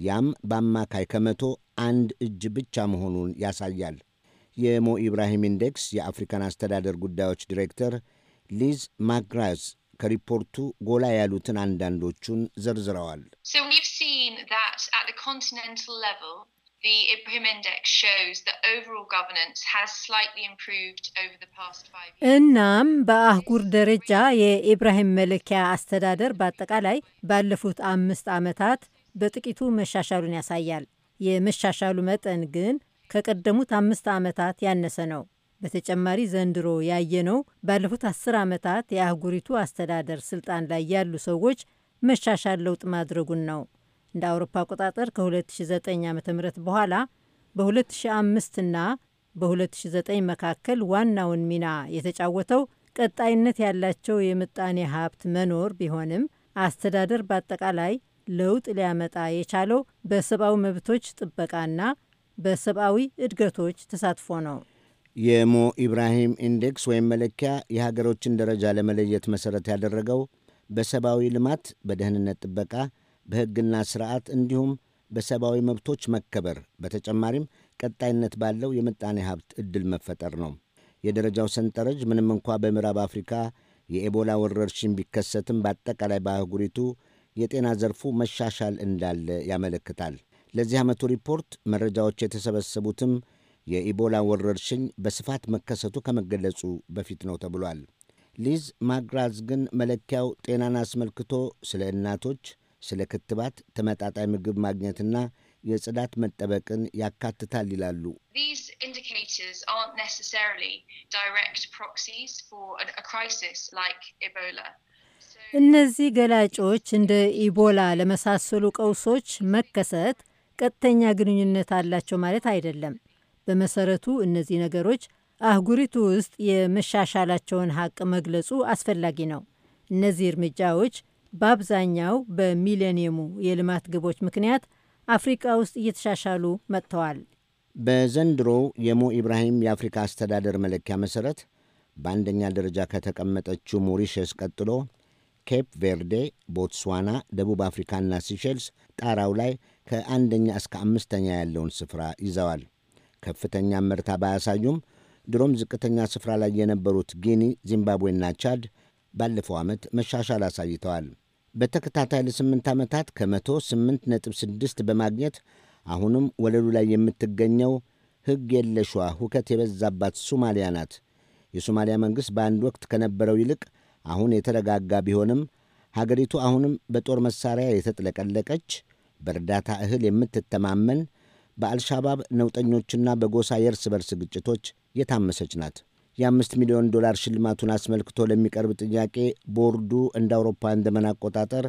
ያም በአማካይ ከመቶ አንድ እጅ ብቻ መሆኑን ያሳያል። የሞ ኢብራሂም ኢንዴክስ የአፍሪካን አስተዳደር ጉዳዮች ዲሬክተር ሊዝ ማግራዝ ከሪፖርቱ ጎላ ያሉትን አንዳንዶቹን ዘርዝረዋል። እናም በአህጉር ደረጃ የኢብራሂም መለኪያ አስተዳደር በአጠቃላይ ባለፉት አምስት ዓመታት በጥቂቱ መሻሻሉን ያሳያል። የመሻሻሉ መጠን ግን ከቀደሙት አምስት ዓመታት ያነሰ ነው። በተጨማሪ ዘንድሮ ያየነው ባለፉት አስር ዓመታት የአህጉሪቱ አስተዳደር ስልጣን ላይ ያሉ ሰዎች መሻሻል ለውጥ ማድረጉን ነው። እንደ አውሮፓ አቆጣጠር ከ2009 ዓ.ም በኋላ በ2005 እና በ2009 መካከል ዋናውን ሚና የተጫወተው ቀጣይነት ያላቸው የምጣኔ ሀብት መኖር ቢሆንም አስተዳደር በአጠቃላይ ለውጥ ሊያመጣ የቻለው በሰብአዊ መብቶች ጥበቃና በሰብአዊ እድገቶች ተሳትፎ ነው። የሞ ኢብራሂም ኢንዴክስ ወይም መለኪያ የሀገሮችን ደረጃ ለመለየት መሠረት ያደረገው በሰብአዊ ልማት፣ በደህንነት ጥበቃ፣ በሕግና ስርዓት እንዲሁም በሰብአዊ መብቶች መከበር በተጨማሪም ቀጣይነት ባለው የምጣኔ ሀብት ዕድል መፈጠር ነው። የደረጃው ሰንጠረዥ ምንም እንኳ በምዕራብ አፍሪካ የኤቦላ ወረርሽኝ ቢከሰትም በአጠቃላይ በአህጉሪቱ የጤና ዘርፉ መሻሻል እንዳለ ያመለክታል። ለዚህ ዓመቱ ሪፖርት መረጃዎች የተሰበሰቡትም የኢቦላ ወረርሽኝ በስፋት መከሰቱ ከመገለጹ በፊት ነው ተብሏል። ሊዝ ማግራዝ ግን መለኪያው ጤናን አስመልክቶ ስለ እናቶች፣ ስለ ክትባት፣ ተመጣጣኝ ምግብ ማግኘትና የጽዳት መጠበቅን ያካትታል ይላሉ። እነዚህ ገላጮች እንደ ኢቦላ ለመሳሰሉ ቀውሶች መከሰት ቀጥተኛ ግንኙነት አላቸው ማለት አይደለም። በመሰረቱ እነዚህ ነገሮች አህጉሪቱ ውስጥ የመሻሻላቸውን ሀቅ መግለጹ አስፈላጊ ነው። እነዚህ እርምጃዎች በአብዛኛው በሚሌኒየሙ የልማት ግቦች ምክንያት አፍሪቃ ውስጥ እየተሻሻሉ መጥተዋል። በዘንድሮው የሞ ኢብራሂም የአፍሪካ አስተዳደር መለኪያ መሠረት በአንደኛ ደረጃ ከተቀመጠችው ሞሪሸስ ቀጥሎ ኬፕ ቬርዴ፣ ቦትስዋና፣ ደቡብ አፍሪካና ሲሼልስ ጣራው ላይ ከአንደኛ እስከ አምስተኛ ያለውን ስፍራ ይዘዋል። ከፍተኛ መርታ ባያሳዩም ድሮም ዝቅተኛ ስፍራ ላይ የነበሩት ጊኒ፣ ዚምባብዌና ቻድ ባለፈው ዓመት መሻሻል አሳይተዋል። በተከታታይ ለስምንት ዓመታት ከመቶ ስምንት ነጥብ ስድስት በማግኘት አሁንም ወለሉ ላይ የምትገኘው ሕግ የለሿ ሁከት የበዛባት ሶማሊያ ናት። የሶማሊያ መንግሥት በአንድ ወቅት ከነበረው ይልቅ አሁን የተረጋጋ ቢሆንም ሀገሪቱ አሁንም በጦር መሳሪያ የተጥለቀለቀች፣ በእርዳታ እህል የምትተማመን በአልሻባብ ነውጠኞችና በጎሳ የእርስ በርስ ግጭቶች የታመሰች ናት። የአምስት ሚሊዮን ዶላር ሽልማቱን አስመልክቶ ለሚቀርብ ጥያቄ ቦርዱ እንደ አውሮፓውያን ዘመን አቆጣጠር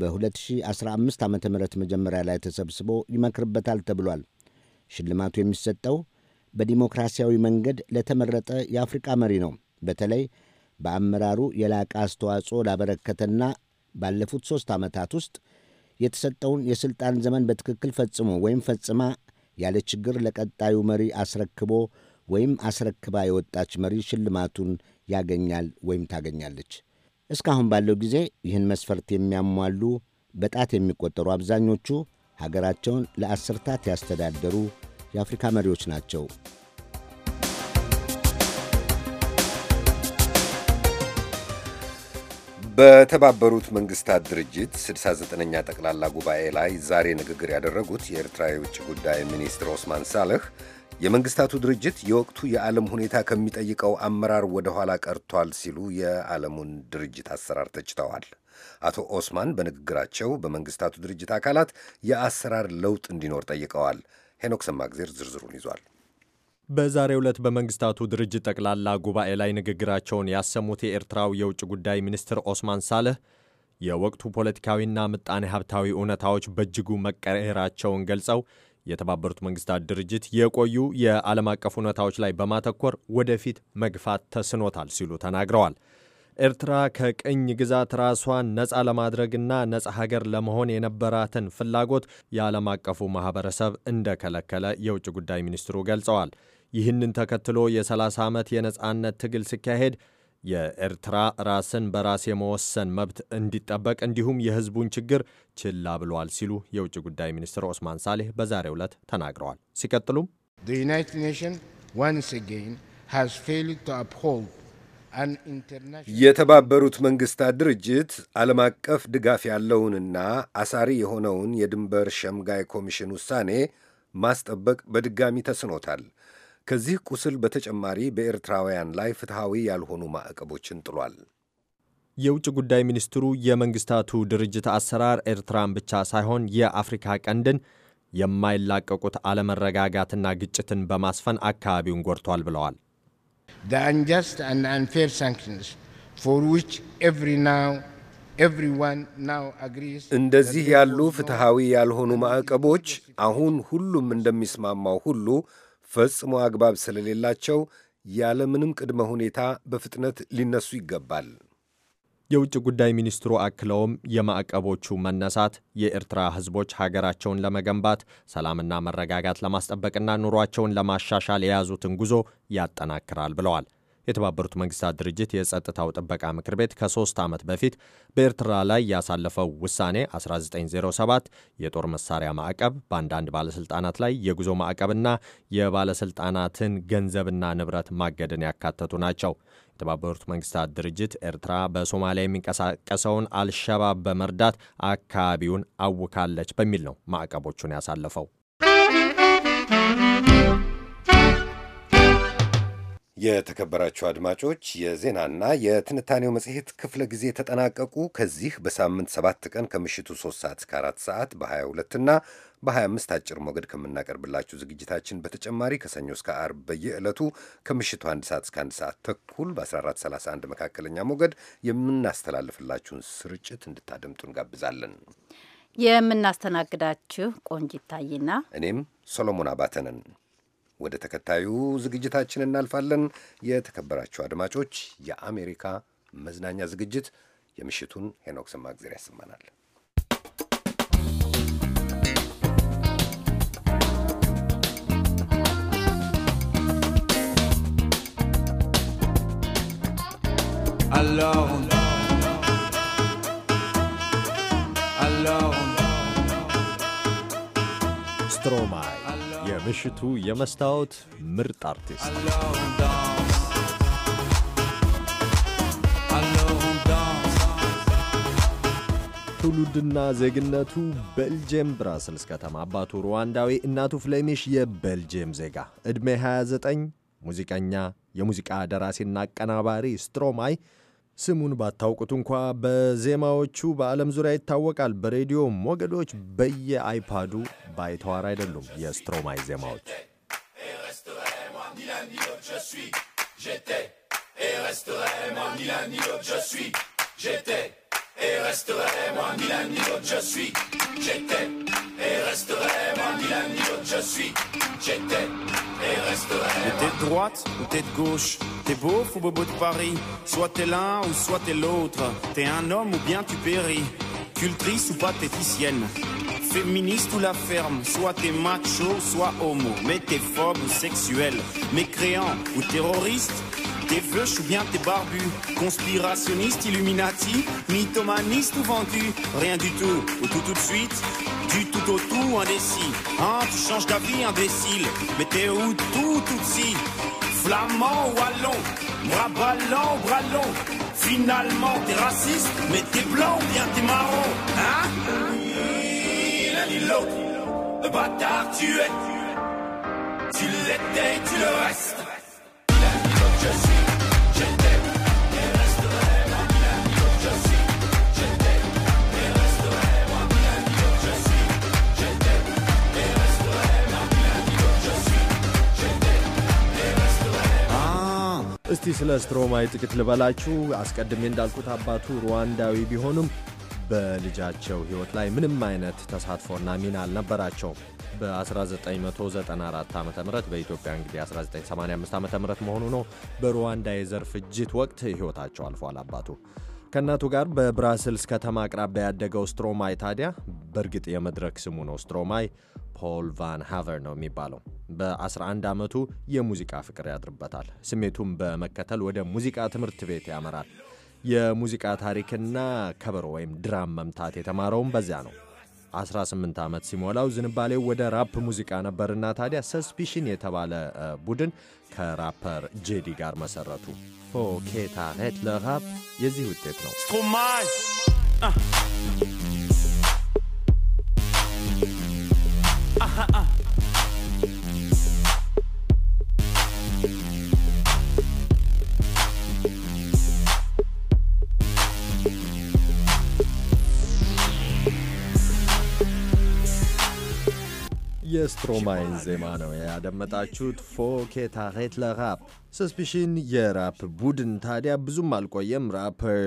በ2015 ዓ ም መጀመሪያ ላይ ተሰብስቦ ይመክርበታል ተብሏል። ሽልማቱ የሚሰጠው በዲሞክራሲያዊ መንገድ ለተመረጠ የአፍሪቃ መሪ ነው። በተለይ በአመራሩ የላቀ አስተዋጽኦ ላበረከተና ባለፉት ሦስት ዓመታት ውስጥ የተሰጠውን የሥልጣን ዘመን በትክክል ፈጽሞ ወይም ፈጽማ ያለ ችግር ለቀጣዩ መሪ አስረክቦ ወይም አስረክባ የወጣች መሪ ሽልማቱን ያገኛል ወይም ታገኛለች። እስካሁን ባለው ጊዜ ይህን መስፈርት የሚያሟሉ በጣት የሚቆጠሩ አብዛኞቹ ሀገራቸውን ለአስርታት ያስተዳደሩ የአፍሪካ መሪዎች ናቸው። በተባበሩት መንግስታት ድርጅት 69ኛ ጠቅላላ ጉባኤ ላይ ዛሬ ንግግር ያደረጉት የኤርትራ የውጭ ጉዳይ ሚኒስትር ኦስማን ሳልህ የመንግስታቱ ድርጅት የወቅቱ የዓለም ሁኔታ ከሚጠይቀው አመራር ወደ ኋላ ቀርቷል ሲሉ የዓለሙን ድርጅት አሰራር ተችተዋል። አቶ ኦስማን በንግግራቸው በመንግስታቱ ድርጅት አካላት የአሰራር ለውጥ እንዲኖር ጠይቀዋል። ሄኖክ ሰማግዜር ዝርዝሩን ይዟል። በዛሬው ዕለት በመንግስታቱ ድርጅት ጠቅላላ ጉባኤ ላይ ንግግራቸውን ያሰሙት የኤርትራው የውጭ ጉዳይ ሚኒስትር ኦስማን ሳልህ የወቅቱ ፖለቲካዊና ምጣኔ ሀብታዊ እውነታዎች በእጅጉ መቀየራቸውን ገልጸው የተባበሩት መንግስታት ድርጅት የቆዩ የዓለም አቀፍ እውነታዎች ላይ በማተኮር ወደፊት መግፋት ተስኖታል ሲሉ ተናግረዋል። ኤርትራ ከቅኝ ግዛት ራሷን ነፃ ለማድረግና ነፃ ሀገር ለመሆን የነበራትን ፍላጎት የዓለም አቀፉ ማህበረሰብ እንደከለከለ የውጭ ጉዳይ ሚኒስትሩ ገልጸዋል። ይህንን ተከትሎ የ30 ዓመት የነጻነት ትግል ሲካሄድ የኤርትራ ራስን በራስ የመወሰን መብት እንዲጠበቅ እንዲሁም የሕዝቡን ችግር ችላ ብሏል ሲሉ የውጭ ጉዳይ ሚኒስትር ኦስማን ሳሌህ በዛሬው ዕለት ተናግረዋል። ሲቀጥሉም የተባበሩት መንግሥታት ድርጅት ዓለም አቀፍ ድጋፍ ያለውንና አሳሪ የሆነውን የድንበር ሸምጋይ ኮሚሽን ውሳኔ ማስጠበቅ በድጋሚ ተስኖታል። ከዚህ ቁስል በተጨማሪ በኤርትራውያን ላይ ፍትሐዊ ያልሆኑ ማዕቀቦችን ጥሏል። የውጭ ጉዳይ ሚኒስትሩ የመንግስታቱ ድርጅት አሰራር ኤርትራን ብቻ ሳይሆን የአፍሪካ ቀንድን የማይላቀቁት አለመረጋጋትና ግጭትን በማስፈን አካባቢውን ጎድቷል ብለዋል። እንደዚህ ያሉ ፍትሐዊ ያልሆኑ ማዕቀቦች አሁን ሁሉም እንደሚስማማው ሁሉ ፈጽሞ አግባብ ስለሌላቸው ያለምንም ቅድመ ሁኔታ በፍጥነት ሊነሱ ይገባል። የውጭ ጉዳይ ሚኒስትሩ አክለውም የማዕቀቦቹ መነሳት የኤርትራ ሕዝቦች ሀገራቸውን ለመገንባት ሰላምና መረጋጋት ለማስጠበቅና ኑሯቸውን ለማሻሻል የያዙትን ጉዞ ያጠናክራል ብለዋል። የተባበሩት መንግስታት ድርጅት የጸጥታው ጥበቃ ምክር ቤት ከሶስት ዓመት በፊት በኤርትራ ላይ ያሳለፈው ውሳኔ 1907 የጦር መሳሪያ ማዕቀብ፣ በአንዳንድ ባለሥልጣናት ላይ የጉዞ ማዕቀብና የባለሥልጣናትን ገንዘብና ንብረት ማገድን ያካተቱ ናቸው። የተባበሩት መንግስታት ድርጅት ኤርትራ በሶማሊያ የሚንቀሳቀሰውን አልሸባብ በመርዳት አካባቢውን አውካለች በሚል ነው ማዕቀቦቹን ያሳለፈው። የተከበራችሁ አድማጮች የዜናና የትንታኔው መጽሔት ክፍለ ጊዜ ተጠናቀቁ። ከዚህ በሳምንት ሰባት ቀን ከምሽቱ 3 ሰዓት እስከ 4 ሰዓት በ22 እና በ25 አጭር ሞገድ ከምናቀርብላችሁ ዝግጅታችን በተጨማሪ ከሰኞ እስከ አርብ በየዕለቱ ከምሽቱ 1 ሰዓት እስከ 1 ሰዓት ተኩል በ1431 መካከለኛ ሞገድ የምናስተላልፍላችሁን ስርጭት እንድታደምጡ እንጋብዛለን። የምናስተናግዳችሁ ቆንጂት ታይና እኔም ሶሎሞን አባተንን ወደ ተከታዩ ዝግጅታችን እናልፋለን። የተከበራችሁ አድማጮች፣ የአሜሪካ መዝናኛ ዝግጅት የምሽቱን ሄኖክ ሰማእግዜር ያሰማናል። Alors Alors የምሽቱ የመስታወት ምርጥ አርቲስት ትውልድና ዜግነቱ ቤልጅየም ብራስልስ ከተማ፣ አባቱ ሩዋንዳዊ፣ እናቱ ፍሌሚሽ የቤልጅየም ዜጋ፣ ዕድሜ 29፣ ሙዚቀኛ፣ የሙዚቃ ደራሲና አቀናባሪ ስትሮማይ ስሙን ባታውቁት እንኳ በዜማዎቹ በዓለም ዙሪያ ይታወቃል። በሬዲዮ ሞገዶች በየአይፓዱ ባይተዋር አይደሉም የስትሮማይ ዜማዎች። T'es droite ou t'es gauche T'es beau fou bobo de Paris, soit t'es l'un ou soit t'es l'autre. T'es un homme ou bien tu péris, cultrice ou pathéticienne. Féministe ou la ferme, soit t'es macho, soit homo. Mais t'es ou sexuel, mécréant ou terroriste. T'es veuche ou bien t'es barbu, conspirationniste, illuminati, mythomaniste ou vendu, rien du tout, ou tout tout de suite, du tout au tout indécis. Hein, tu changes d'avis imbécile, mais t'es où tout tout suite? Flamand, wallon, bras ballon, bras long. Finalement, t'es raciste, mais t'es blanc ou bien t'es marron, hein L'un ni l'autre, le bâtard tu es. Tu l'étais, tu le restes. je suis. እስቲ ስለ ስትሮማይ ጥቂት ልበላችሁ። አስቀድሜ እንዳልኩት አባቱ ሩዋንዳዊ ቢሆኑም በልጃቸው ሕይወት ላይ ምንም አይነት ተሳትፎና ሚና አልነበራቸውም። በ1994 ዓ ም በኢትዮጵያ እንግዲህ 1985 ዓ ም መሆኑ ነው። በሩዋንዳ የዘር ፍጅት ወቅት ሕይወታቸው አልፏል አባቱ ከእናቱ ጋር በብራስልስ ከተማ አቅራቢያ ያደገው ስትሮማይ ታዲያ በእርግጥ የመድረክ ስሙ ነው። ስትሮማይ ፖል ቫን ሃቨር ነው የሚባለው። በ11 ዓመቱ የሙዚቃ ፍቅር ያድርበታል። ስሜቱን በመከተል ወደ ሙዚቃ ትምህርት ቤት ያመራል። የሙዚቃ ታሪክና ከበሮ ወይም ድራም መምታት የተማረውም በዚያ ነው። 18 ዓመት ሲሞላው ዝንባሌው ወደ ራፕ ሙዚቃ ነበርና ታዲያ ሰስፒሽን የተባለ ቡድን ከራፐር ጄዲ ጋር መሰረቱ። ፎኬታ ሄት ለራፕ የዚህ ውጤት ነው። የስትሮማይን ዜማ ነው ያደመጣችሁት። ፎኬታ ሬት ለራፕ ሰስፒሽን የራፕ ቡድን ታዲያ ብዙም አልቆየም። ራፐር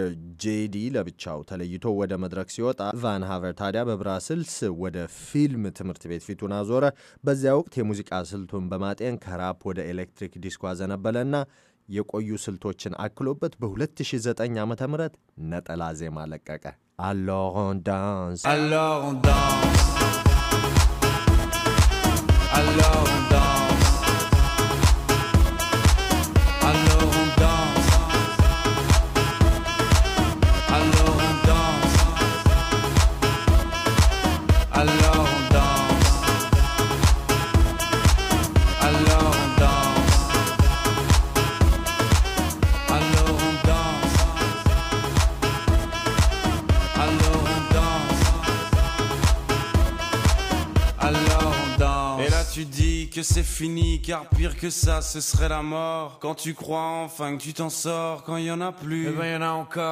ጄዲ ለብቻው ተለይቶ ወደ መድረክ ሲወጣ ቫን ሃቨር ታዲያ በብራስልስ ወደ ፊልም ትምህርት ቤት ፊቱን አዞረ። በዚያ ወቅት የሙዚቃ ስልቱን በማጤን ከራፕ ወደ ኤሌክትሪክ ዲስኮ አዘነበለና የቆዩ ስልቶችን አክሎበት በ2009 ዓ ም ነጠላ ዜማ ለቀቀ። Alors ዳንስ danse. ዳንስ alone. c'est fini, car pire que ça, ce serait la mort. Quand tu crois enfin que tu t'en sors, quand il y en a plus, eh ben y en a encore.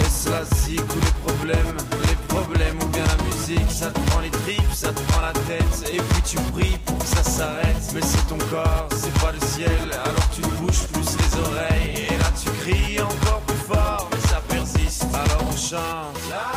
Et cela zig tous les problèmes, les problèmes ou bien la musique, ça te prend les tripes, ça te prend la tête, et puis tu pries pour que ça s'arrête. Mais c'est ton corps, c'est pas le ciel, alors tu te bouges plus les oreilles, et là tu cries encore plus fort, mais ça persiste, alors on chante.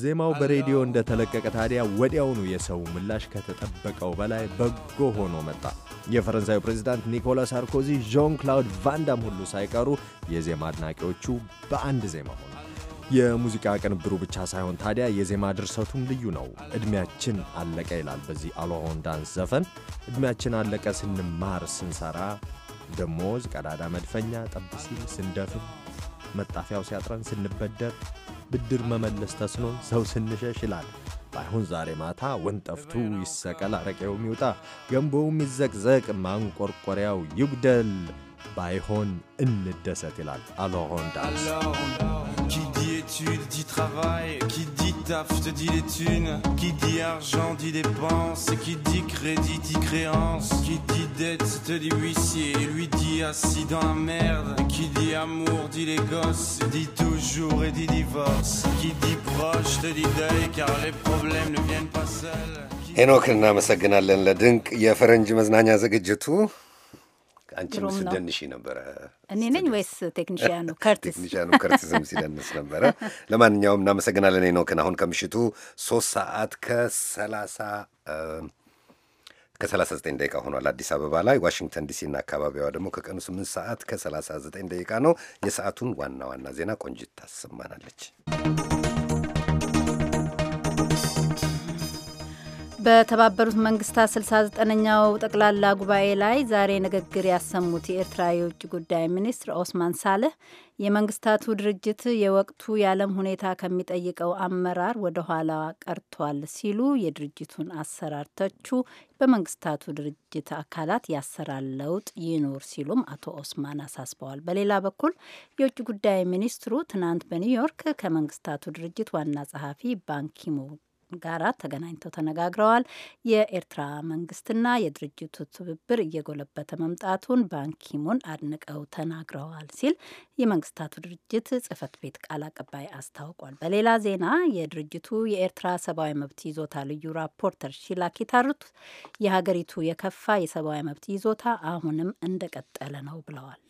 ዜማው በሬዲዮ እንደተለቀቀ ታዲያ ወዲያውኑ የሰው ምላሽ ከተጠበቀው በላይ በጎ ሆኖ መጣ። የፈረንሳዩ ፕሬዚዳንት ኒኮላስ ሳርኮዚ፣ ዣን ክላውድ ቫንዳም ሁሉ ሳይቀሩ የዜማ አድናቂዎቹ በአንድ ዜማ ሆኑ። የሙዚቃ ቅንብሩ ብቻ ሳይሆን ታዲያ የዜማ ድርሰቱም ልዩ ነው። እድሜያችን አለቀ ይላል በዚህ አሎሆን ዳንስ ዘፈን። እድሜያችን አለቀ ስንማር፣ ስንሰራ፣ ደሞዝ ቀዳዳ መድፈኛ ጠብ ሲል፣ ስንደፍን፣ መጣፊያው ሲያጥረን፣ ስንበደር ብድር መመለስ ተስኖን ሰው ስንሸሽ ይላል። ባይሆን ዛሬ ማታ ወንጠፍቱ ይሰቀል፣ አረቄው ይውጣ፣ ገንቦውም ይዘቅዘቅ፣ ማንቆርቆሪያው ይጉደል፣ ባይሆን እንደሰት ይላል አሎሆንዳስ qui dit travail, qui dit taf te dit les thunes, qui dit argent dit dépenses. qui dit crédit dit créance, qui dit dette te dit huissier, lui dit assis dans la merde, qui dit amour dit les gosses, dit toujours et dit divorce, qui dit proche te dit deuil car les problèmes ne viennent pas seuls. እኔ ነኝ ወይስ ቴክኒሽያኑ ከርቲስ? ቴክኒሽያኑ ከርቲስም ሲደንስ ነበረ። ለማንኛውም እናመሰግናለን ሄኖክን። አሁን ከምሽቱ ሶስት ሰዓት ከሰላሳ ከ39 ደቂቃ ሆኗል አዲስ አበባ ላይ። ዋሽንግተን ዲሲና አካባቢዋ ደግሞ ከቀኑ 8 ሰዓት ከ39 ደቂቃ ነው። የሰዓቱን ዋና ዋና ዜና ቆንጅት ታሰማናለች። በተባበሩት መንግስታት 69ኛው ጠቅላላ ጉባኤ ላይ ዛሬ ንግግር ያሰሙት የኤርትራ የውጭ ጉዳይ ሚኒስትር ኦስማን ሳልህ የመንግስታቱ ድርጅት የወቅቱ የዓለም ሁኔታ ከሚጠይቀው አመራር ወደ ኋላ ቀርቷል ሲሉ የድርጅቱን አሰራር ተቹ። በመንግስታቱ ድርጅት አካላት የአሰራር ለውጥ ይኑር ሲሉም አቶ ኦስማን አሳስበዋል። በሌላ በኩል የውጭ ጉዳይ ሚኒስትሩ ትናንት በኒውዮርክ ከመንግስታቱ ድርጅት ዋና ጸሐፊ ባንኪሙን ጋራ ተገናኝተው ተነጋግረዋል። የኤርትራ መንግስትና የድርጅቱ ትብብር እየጎለበተ መምጣቱን ባንኪሙን አድንቀው ተናግረዋል ሲል የመንግስታቱ ድርጅት ጽህፈት ቤት ቃል አቀባይ አስታውቋል። በሌላ ዜና የድርጅቱ የኤርትራ ሰብአዊ መብት ይዞታ ልዩ ራፖርተር ሺላ ኪታሩት የሀገሪቱ የከፋ የሰብአዊ መብት ይዞታ አሁንም እንደቀጠለ ነው ብለዋል።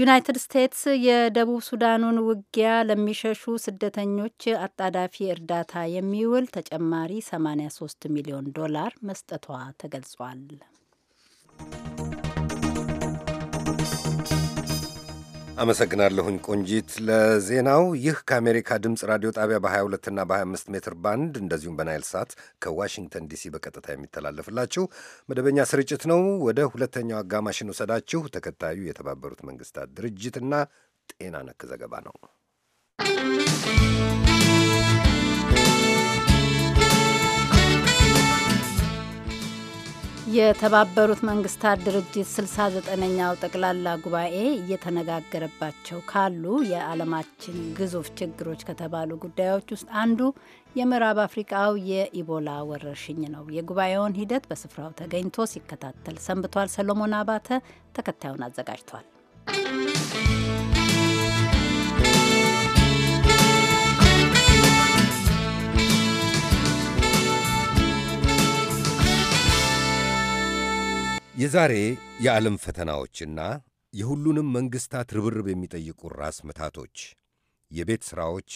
ዩናይትድ ስቴትስ የደቡብ ሱዳኑን ውጊያ ለሚሸሹ ስደተኞች አጣዳፊ እርዳታ የሚውል ተጨማሪ 83 ሚሊዮን ዶላር መስጠቷ ተገልጿል። አመሰግናለሁኝ ቆንጂት ለዜናው። ይህ ከአሜሪካ ድምፅ ራዲዮ ጣቢያ በ22 እና በ25 ሜትር ባንድ እንደዚሁም በናይል ሳት ከዋሽንግተን ዲሲ በቀጥታ የሚተላለፍላችሁ መደበኛ ስርጭት ነው። ወደ ሁለተኛው አጋማሽን ውሰዳችሁ። ተከታዩ የተባበሩት መንግስታት ድርጅትና ጤና ነክ ዘገባ ነው። የተባበሩት መንግስታት ድርጅት 69ኛው ጠቅላላ ጉባኤ እየተነጋገረባቸው ካሉ የዓለማችን ግዙፍ ችግሮች ከተባሉ ጉዳዮች ውስጥ አንዱ የምዕራብ አፍሪቃው የኢቦላ ወረርሽኝ ነው። የጉባኤውን ሂደት በስፍራው ተገኝቶ ሲከታተል ሰንብቷል። ሰሎሞን አባተ ተከታዩን አዘጋጅቷል። የዛሬ የዓለም ፈተናዎችና የሁሉንም መንግሥታት ርብርብ የሚጠይቁ ራስ ምታቶች፣ የቤት ሥራዎች፣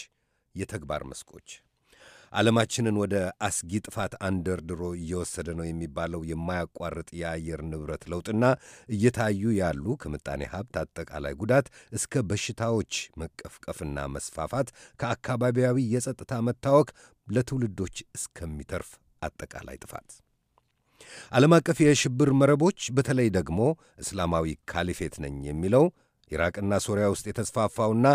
የተግባር መስኮች ዓለማችንን ወደ አስጊ ጥፋት አንደርድሮ እየወሰደ ነው የሚባለው የማያቋርጥ የአየር ንብረት ለውጥና እየታዩ ያሉ ከምጣኔ ሀብት አጠቃላይ ጉዳት እስከ በሽታዎች መቀፍቀፍና መስፋፋት ከአካባቢያዊ የጸጥታ መታወክ ለትውልዶች እስከሚተርፍ አጠቃላይ ጥፋት ዓለም አቀፍ የሽብር መረቦች በተለይ ደግሞ እስላማዊ ካሊፌት ነኝ የሚለው ኢራቅና ሶሪያ ውስጥ የተስፋፋውና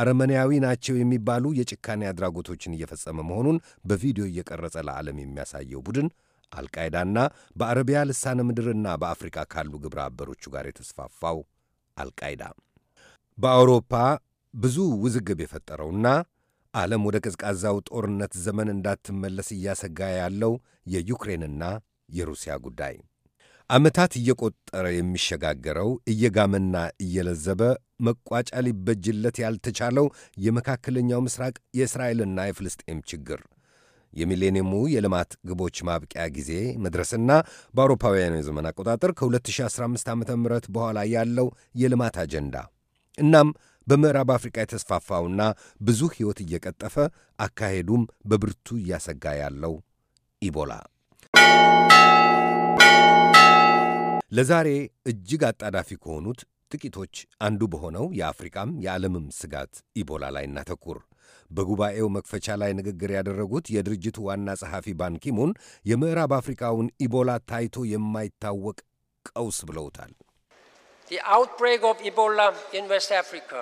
አረመኔያዊ ናቸው የሚባሉ የጭካኔ አድራጎቶችን እየፈጸመ መሆኑን በቪዲዮ እየቀረጸ ለዓለም የሚያሳየው ቡድን አልቃይዳና በአረቢያ ልሳነ ምድርና በአፍሪካ ካሉ ግብረ አበሮቹ ጋር የተስፋፋው አልቃይዳ በአውሮፓ ብዙ ውዝግብ የፈጠረውና ዓለም ወደ ቀዝቃዛው ጦርነት ዘመን እንዳትመለስ እያሰጋ ያለው የዩክሬንና የሩሲያ ጉዳይ ዓመታት እየቆጠረ የሚሸጋገረው እየጋመና እየለዘበ መቋጫ ሊበጅለት ያልተቻለው የመካከለኛው ምስራቅ የእስራኤልና የፍልስጤም ችግር የሚሌኒየሙ የልማት ግቦች ማብቂያ ጊዜ መድረስና በአውሮፓውያኑ የዘመን አቆጣጠር ከ2015 ዓ ም በኋላ ያለው የልማት አጀንዳ እናም በምዕራብ አፍሪቃ የተስፋፋውና ብዙ ሕይወት እየቀጠፈ አካሄዱም በብርቱ እያሰጋ ያለው ኢቦላ ለዛሬ እጅግ አጣዳፊ ከሆኑት ጥቂቶች አንዱ በሆነው የአፍሪቃም የዓለምም ስጋት ኢቦላ ላይ እናተኩር። በጉባኤው መክፈቻ ላይ ንግግር ያደረጉት የድርጅቱ ዋና ጸሐፊ ባንኪሙን የምዕራብ አፍሪካውን ኢቦላ ታይቶ የማይታወቅ ቀውስ ብለውታል። ኢቦላ ኢን ዌስት አፍሪካ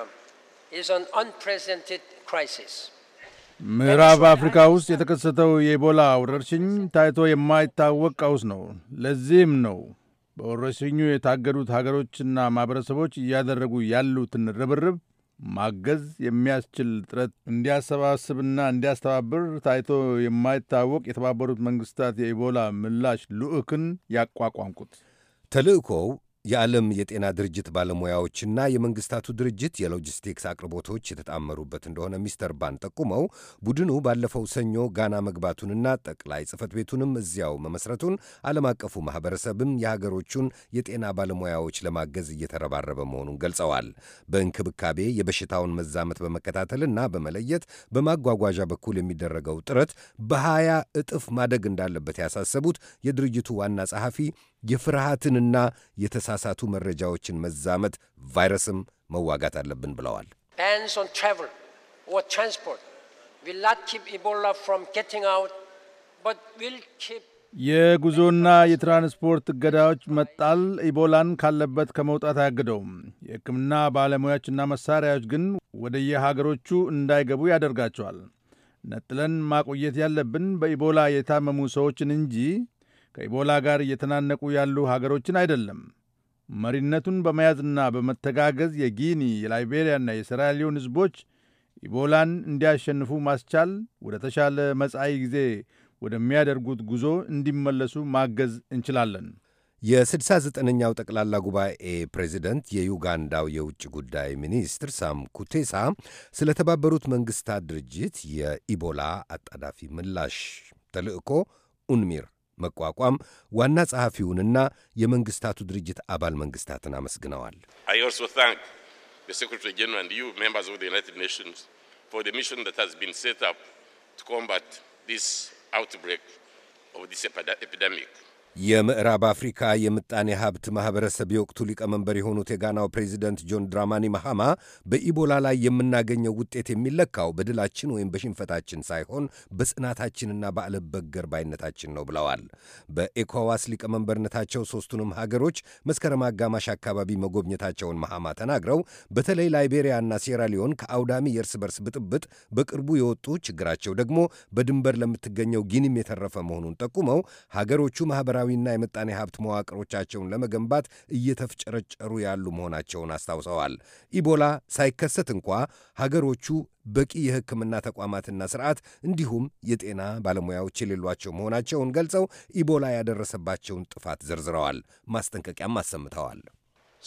ኢዝ አን ክራይሲስ ምዕራብ አፍሪካ ውስጥ የተከሰተው የኢቦላ ወረርሽኝ ታይቶ የማይታወቅ ቀውስ ነው። ለዚህም ነው በወረርሽኙ የታገዱት ሀገሮችና ማህበረሰቦች እያደረጉ ያሉትን ርብርብ ማገዝ የሚያስችል ጥረት እንዲያሰባስብና እንዲያስተባብር ታይቶ የማይታወቅ የተባበሩት መንግስታት የኢቦላ ምላሽ ልዑክን ያቋቋምኩት። ተልእኮው የዓለም የጤና ድርጅት ባለሙያዎችና የመንግስታቱ ድርጅት የሎጂስቲክስ አቅርቦቶች የተጣመሩበት እንደሆነ ሚስተር ባን ጠቁመው ቡድኑ ባለፈው ሰኞ ጋና መግባቱንና ጠቅላይ ጽህፈት ቤቱንም እዚያው መመስረቱን ዓለም አቀፉ ማኅበረሰብም የሀገሮቹን የጤና ባለሙያዎች ለማገዝ እየተረባረበ መሆኑን ገልጸዋል። በእንክብካቤ የበሽታውን መዛመት በመከታተልና በመለየት በማጓጓዣ በኩል የሚደረገው ጥረት በሀያ እጥፍ ማደግ እንዳለበት ያሳሰቡት የድርጅቱ ዋና ጸሐፊ የፍርሃትንና የተሳሳቱ መረጃዎችን መዛመት ቫይረስም መዋጋት አለብን ብለዋል። የጉዞና የትራንስፖርት እገዳዎች መጣል ኢቦላን ካለበት ከመውጣት አያግደውም። የሕክምና ባለሙያዎችና መሳሪያዎች ግን ወደየሀገሮቹ እንዳይገቡ ያደርጋቸዋል። ነጥለን ማቆየት ያለብን በኢቦላ የታመሙ ሰዎችን እንጂ ከኢቦላ ጋር እየተናነቁ ያሉ ሀገሮችን አይደለም። መሪነቱን በመያዝና በመተጋገዝ የጊኒ የላይቤሪያና የሴራሊዮን ሕዝቦች ኢቦላን እንዲያሸንፉ ማስቻል ወደ ተሻለ መጻኢ ጊዜ ወደሚያደርጉት ጉዞ እንዲመለሱ ማገዝ እንችላለን። የ69ኛው ጠቅላላ ጉባኤ ፕሬዚደንት የዩጋንዳው የውጭ ጉዳይ ሚኒስትር ሳም ኩቴሳ ስለተባበሩት መንግሥታት ድርጅት የኢቦላ አጣዳፊ ምላሽ ተልዕኮ ኡንሚር መቋቋም ዋና ጸሐፊውንና የመንግስታቱ ድርጅት አባል መንግስታትን አመስግነዋል። ዩናይትድ የምዕራብ አፍሪካ የምጣኔ ሀብት ማህበረሰብ የወቅቱ ሊቀመንበር የሆኑት የጋናው ፕሬዚደንት ጆን ድራማኒ መሃማ በኢቦላ ላይ የምናገኘው ውጤት የሚለካው በድላችን ወይም በሽንፈታችን ሳይሆን በጽናታችንና በአለበገር ባይነታችን ነው ብለዋል። በኤኮዋስ ሊቀመንበርነታቸው ሦስቱንም ሀገሮች መስከረም አጋማሽ አካባቢ መጎብኘታቸውን መሃማ ተናግረው በተለይ ላይቤሪያና ሴራሊዮን ከአውዳሚ የእርስ በርስ ብጥብጥ በቅርቡ የወጡ ችግራቸው ደግሞ በድንበር ለምትገኘው ጊኒም የተረፈ መሆኑን ጠቁመው ሀገሮቹ ማኅበራ የማኅበራዊና የምጣኔ ሀብት መዋቅሮቻቸውን ለመገንባት እየተፍጨረጨሩ ያሉ መሆናቸውን አስታውሰዋል። ኢቦላ ሳይከሰት እንኳ ሀገሮቹ በቂ የሕክምና ተቋማትና ስርዓት እንዲሁም የጤና ባለሙያዎች የሌሏቸው መሆናቸውን ገልጸው ኢቦላ ያደረሰባቸውን ጥፋት ዘርዝረዋል። ማስጠንቀቂያም አሰምተዋል።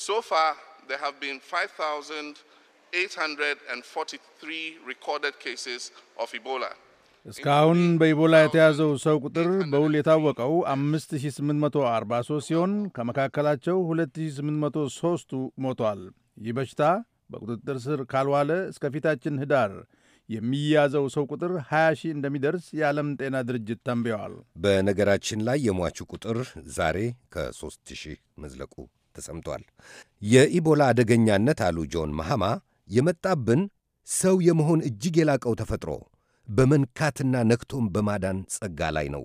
ሶፋ far, there have been 5,843 recorded ኬስስ ኦፍ ኢቦላ። እስካሁን በኢቦላ የተያዘው ሰው ቁጥር በውል የታወቀው 5843 ሲሆን ከመካከላቸው 2803ቱ ሞቷል። ይህ በሽታ በቁጥጥር ስር ካልዋለ እስከ ፊታችን ህዳር የሚያዘው ሰው ቁጥር 20 ሺህ እንደሚደርስ የዓለም ጤና ድርጅት ተንብየዋል። በነገራችን ላይ የሟቹ ቁጥር ዛሬ ከ ሺህ መዝለቁ ተሰምቷል። የኢቦላ አደገኛነት አሉ ጆን ማሃማ የመጣብን ሰው የመሆን እጅግ የላቀው ተፈጥሮ በመንካትና ነክቶም በማዳን ጸጋ ላይ ነው።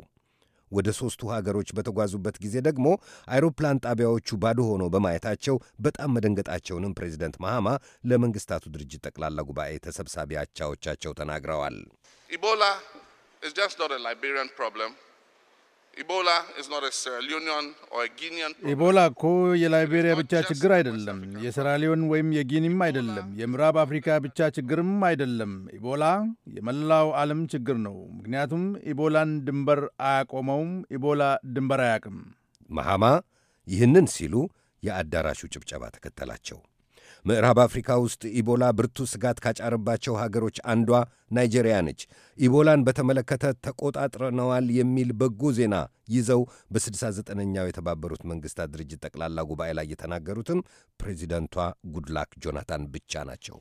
ወደ ሦስቱ ሀገሮች በተጓዙበት ጊዜ ደግሞ አይሮፕላን ጣቢያዎቹ ባዶ ሆኖ በማየታቸው በጣም መደንገጣቸውንም ፕሬዚደንት ማሃማ ለመንግሥታቱ ድርጅት ጠቅላላ ጉባኤ ተሰብሳቢ አቻዎቻቸው ተናግረዋል። ኢቦላ ኢቦላ እኮ የላይቤሪያ ብቻ ችግር አይደለም፣ የሴራሊዮን ወይም የጊኒም አይደለም፣ የምዕራብ አፍሪካ ብቻ ችግርም አይደለም። ኢቦላ የመላው ዓለም ችግር ነው። ምክንያቱም ኢቦላን ድንበር አያቆመውም። ኢቦላ ድንበር አያቅም። መሐማ ይህንን ሲሉ የአዳራሹ ጭብጨባ ተከተላቸው። ምዕራብ አፍሪካ ውስጥ ኢቦላ ብርቱ ስጋት ካጫረባቸው ሀገሮች አንዷ ናይጄሪያ ነች። ኢቦላን በተመለከተ ተቆጣጥረነዋል የሚል በጎ ዜና ይዘው በ69ኛው የተባበሩት መንግስታት ድርጅት ጠቅላላ ጉባኤ ላይ የተናገሩትም ፕሬዚደንቷ ጉድላክ ጆናታን ብቻ ናቸው።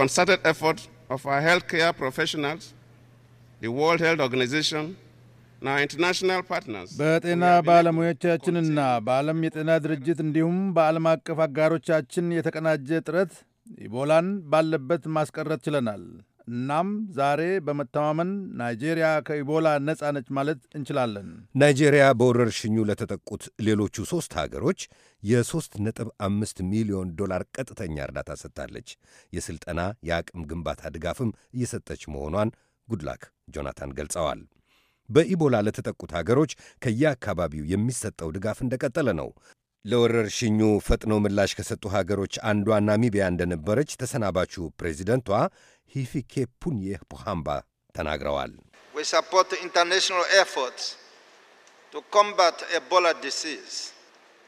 ኮንሰርትድ ኤፎርት ኦፍ ሄልዝ ኬር ፕሮፌሽናልስ ወርልድ ሄልዝ ኦርጋናይዜሽን በጤና ባለሙያዎቻችንና በዓለም የጤና ድርጅት እንዲሁም በዓለም አቀፍ አጋሮቻችን የተቀናጀ ጥረት ኢቦላን ባለበት ማስቀረት ችለናል። እናም ዛሬ በመተማመን ናይጄሪያ ከኢቦላ ነፃ ነች ማለት እንችላለን። ናይጄሪያ በወረርሽኙ ለተጠቁት ሌሎቹ ሦስት ሀገሮች የ3.5 ሚሊዮን ዶላር ቀጥተኛ እርዳታ ሰጥታለች። የሥልጠና የአቅም ግንባታ ድጋፍም እየሰጠች መሆኗን ጉድላክ ጆናታን ገልጸዋል። በኢቦላ ለተጠቁት ሀገሮች ከየአካባቢው የሚሰጠው ድጋፍ እንደቀጠለ ነው። ለወረርሽኙ ፈጥኖ ምላሽ ከሰጡ ሀገሮች አንዷ ናሚቢያ እንደነበረች ተሰናባቹ ፕሬዚደንቷ ሂፊኬ ሂፊኬፑንዬ ፖሃምባ ተናግረዋል። ኢንተርናሽናል ኤፎርትስ ቱ ኮምባት ኤቦላ ዲሲዝ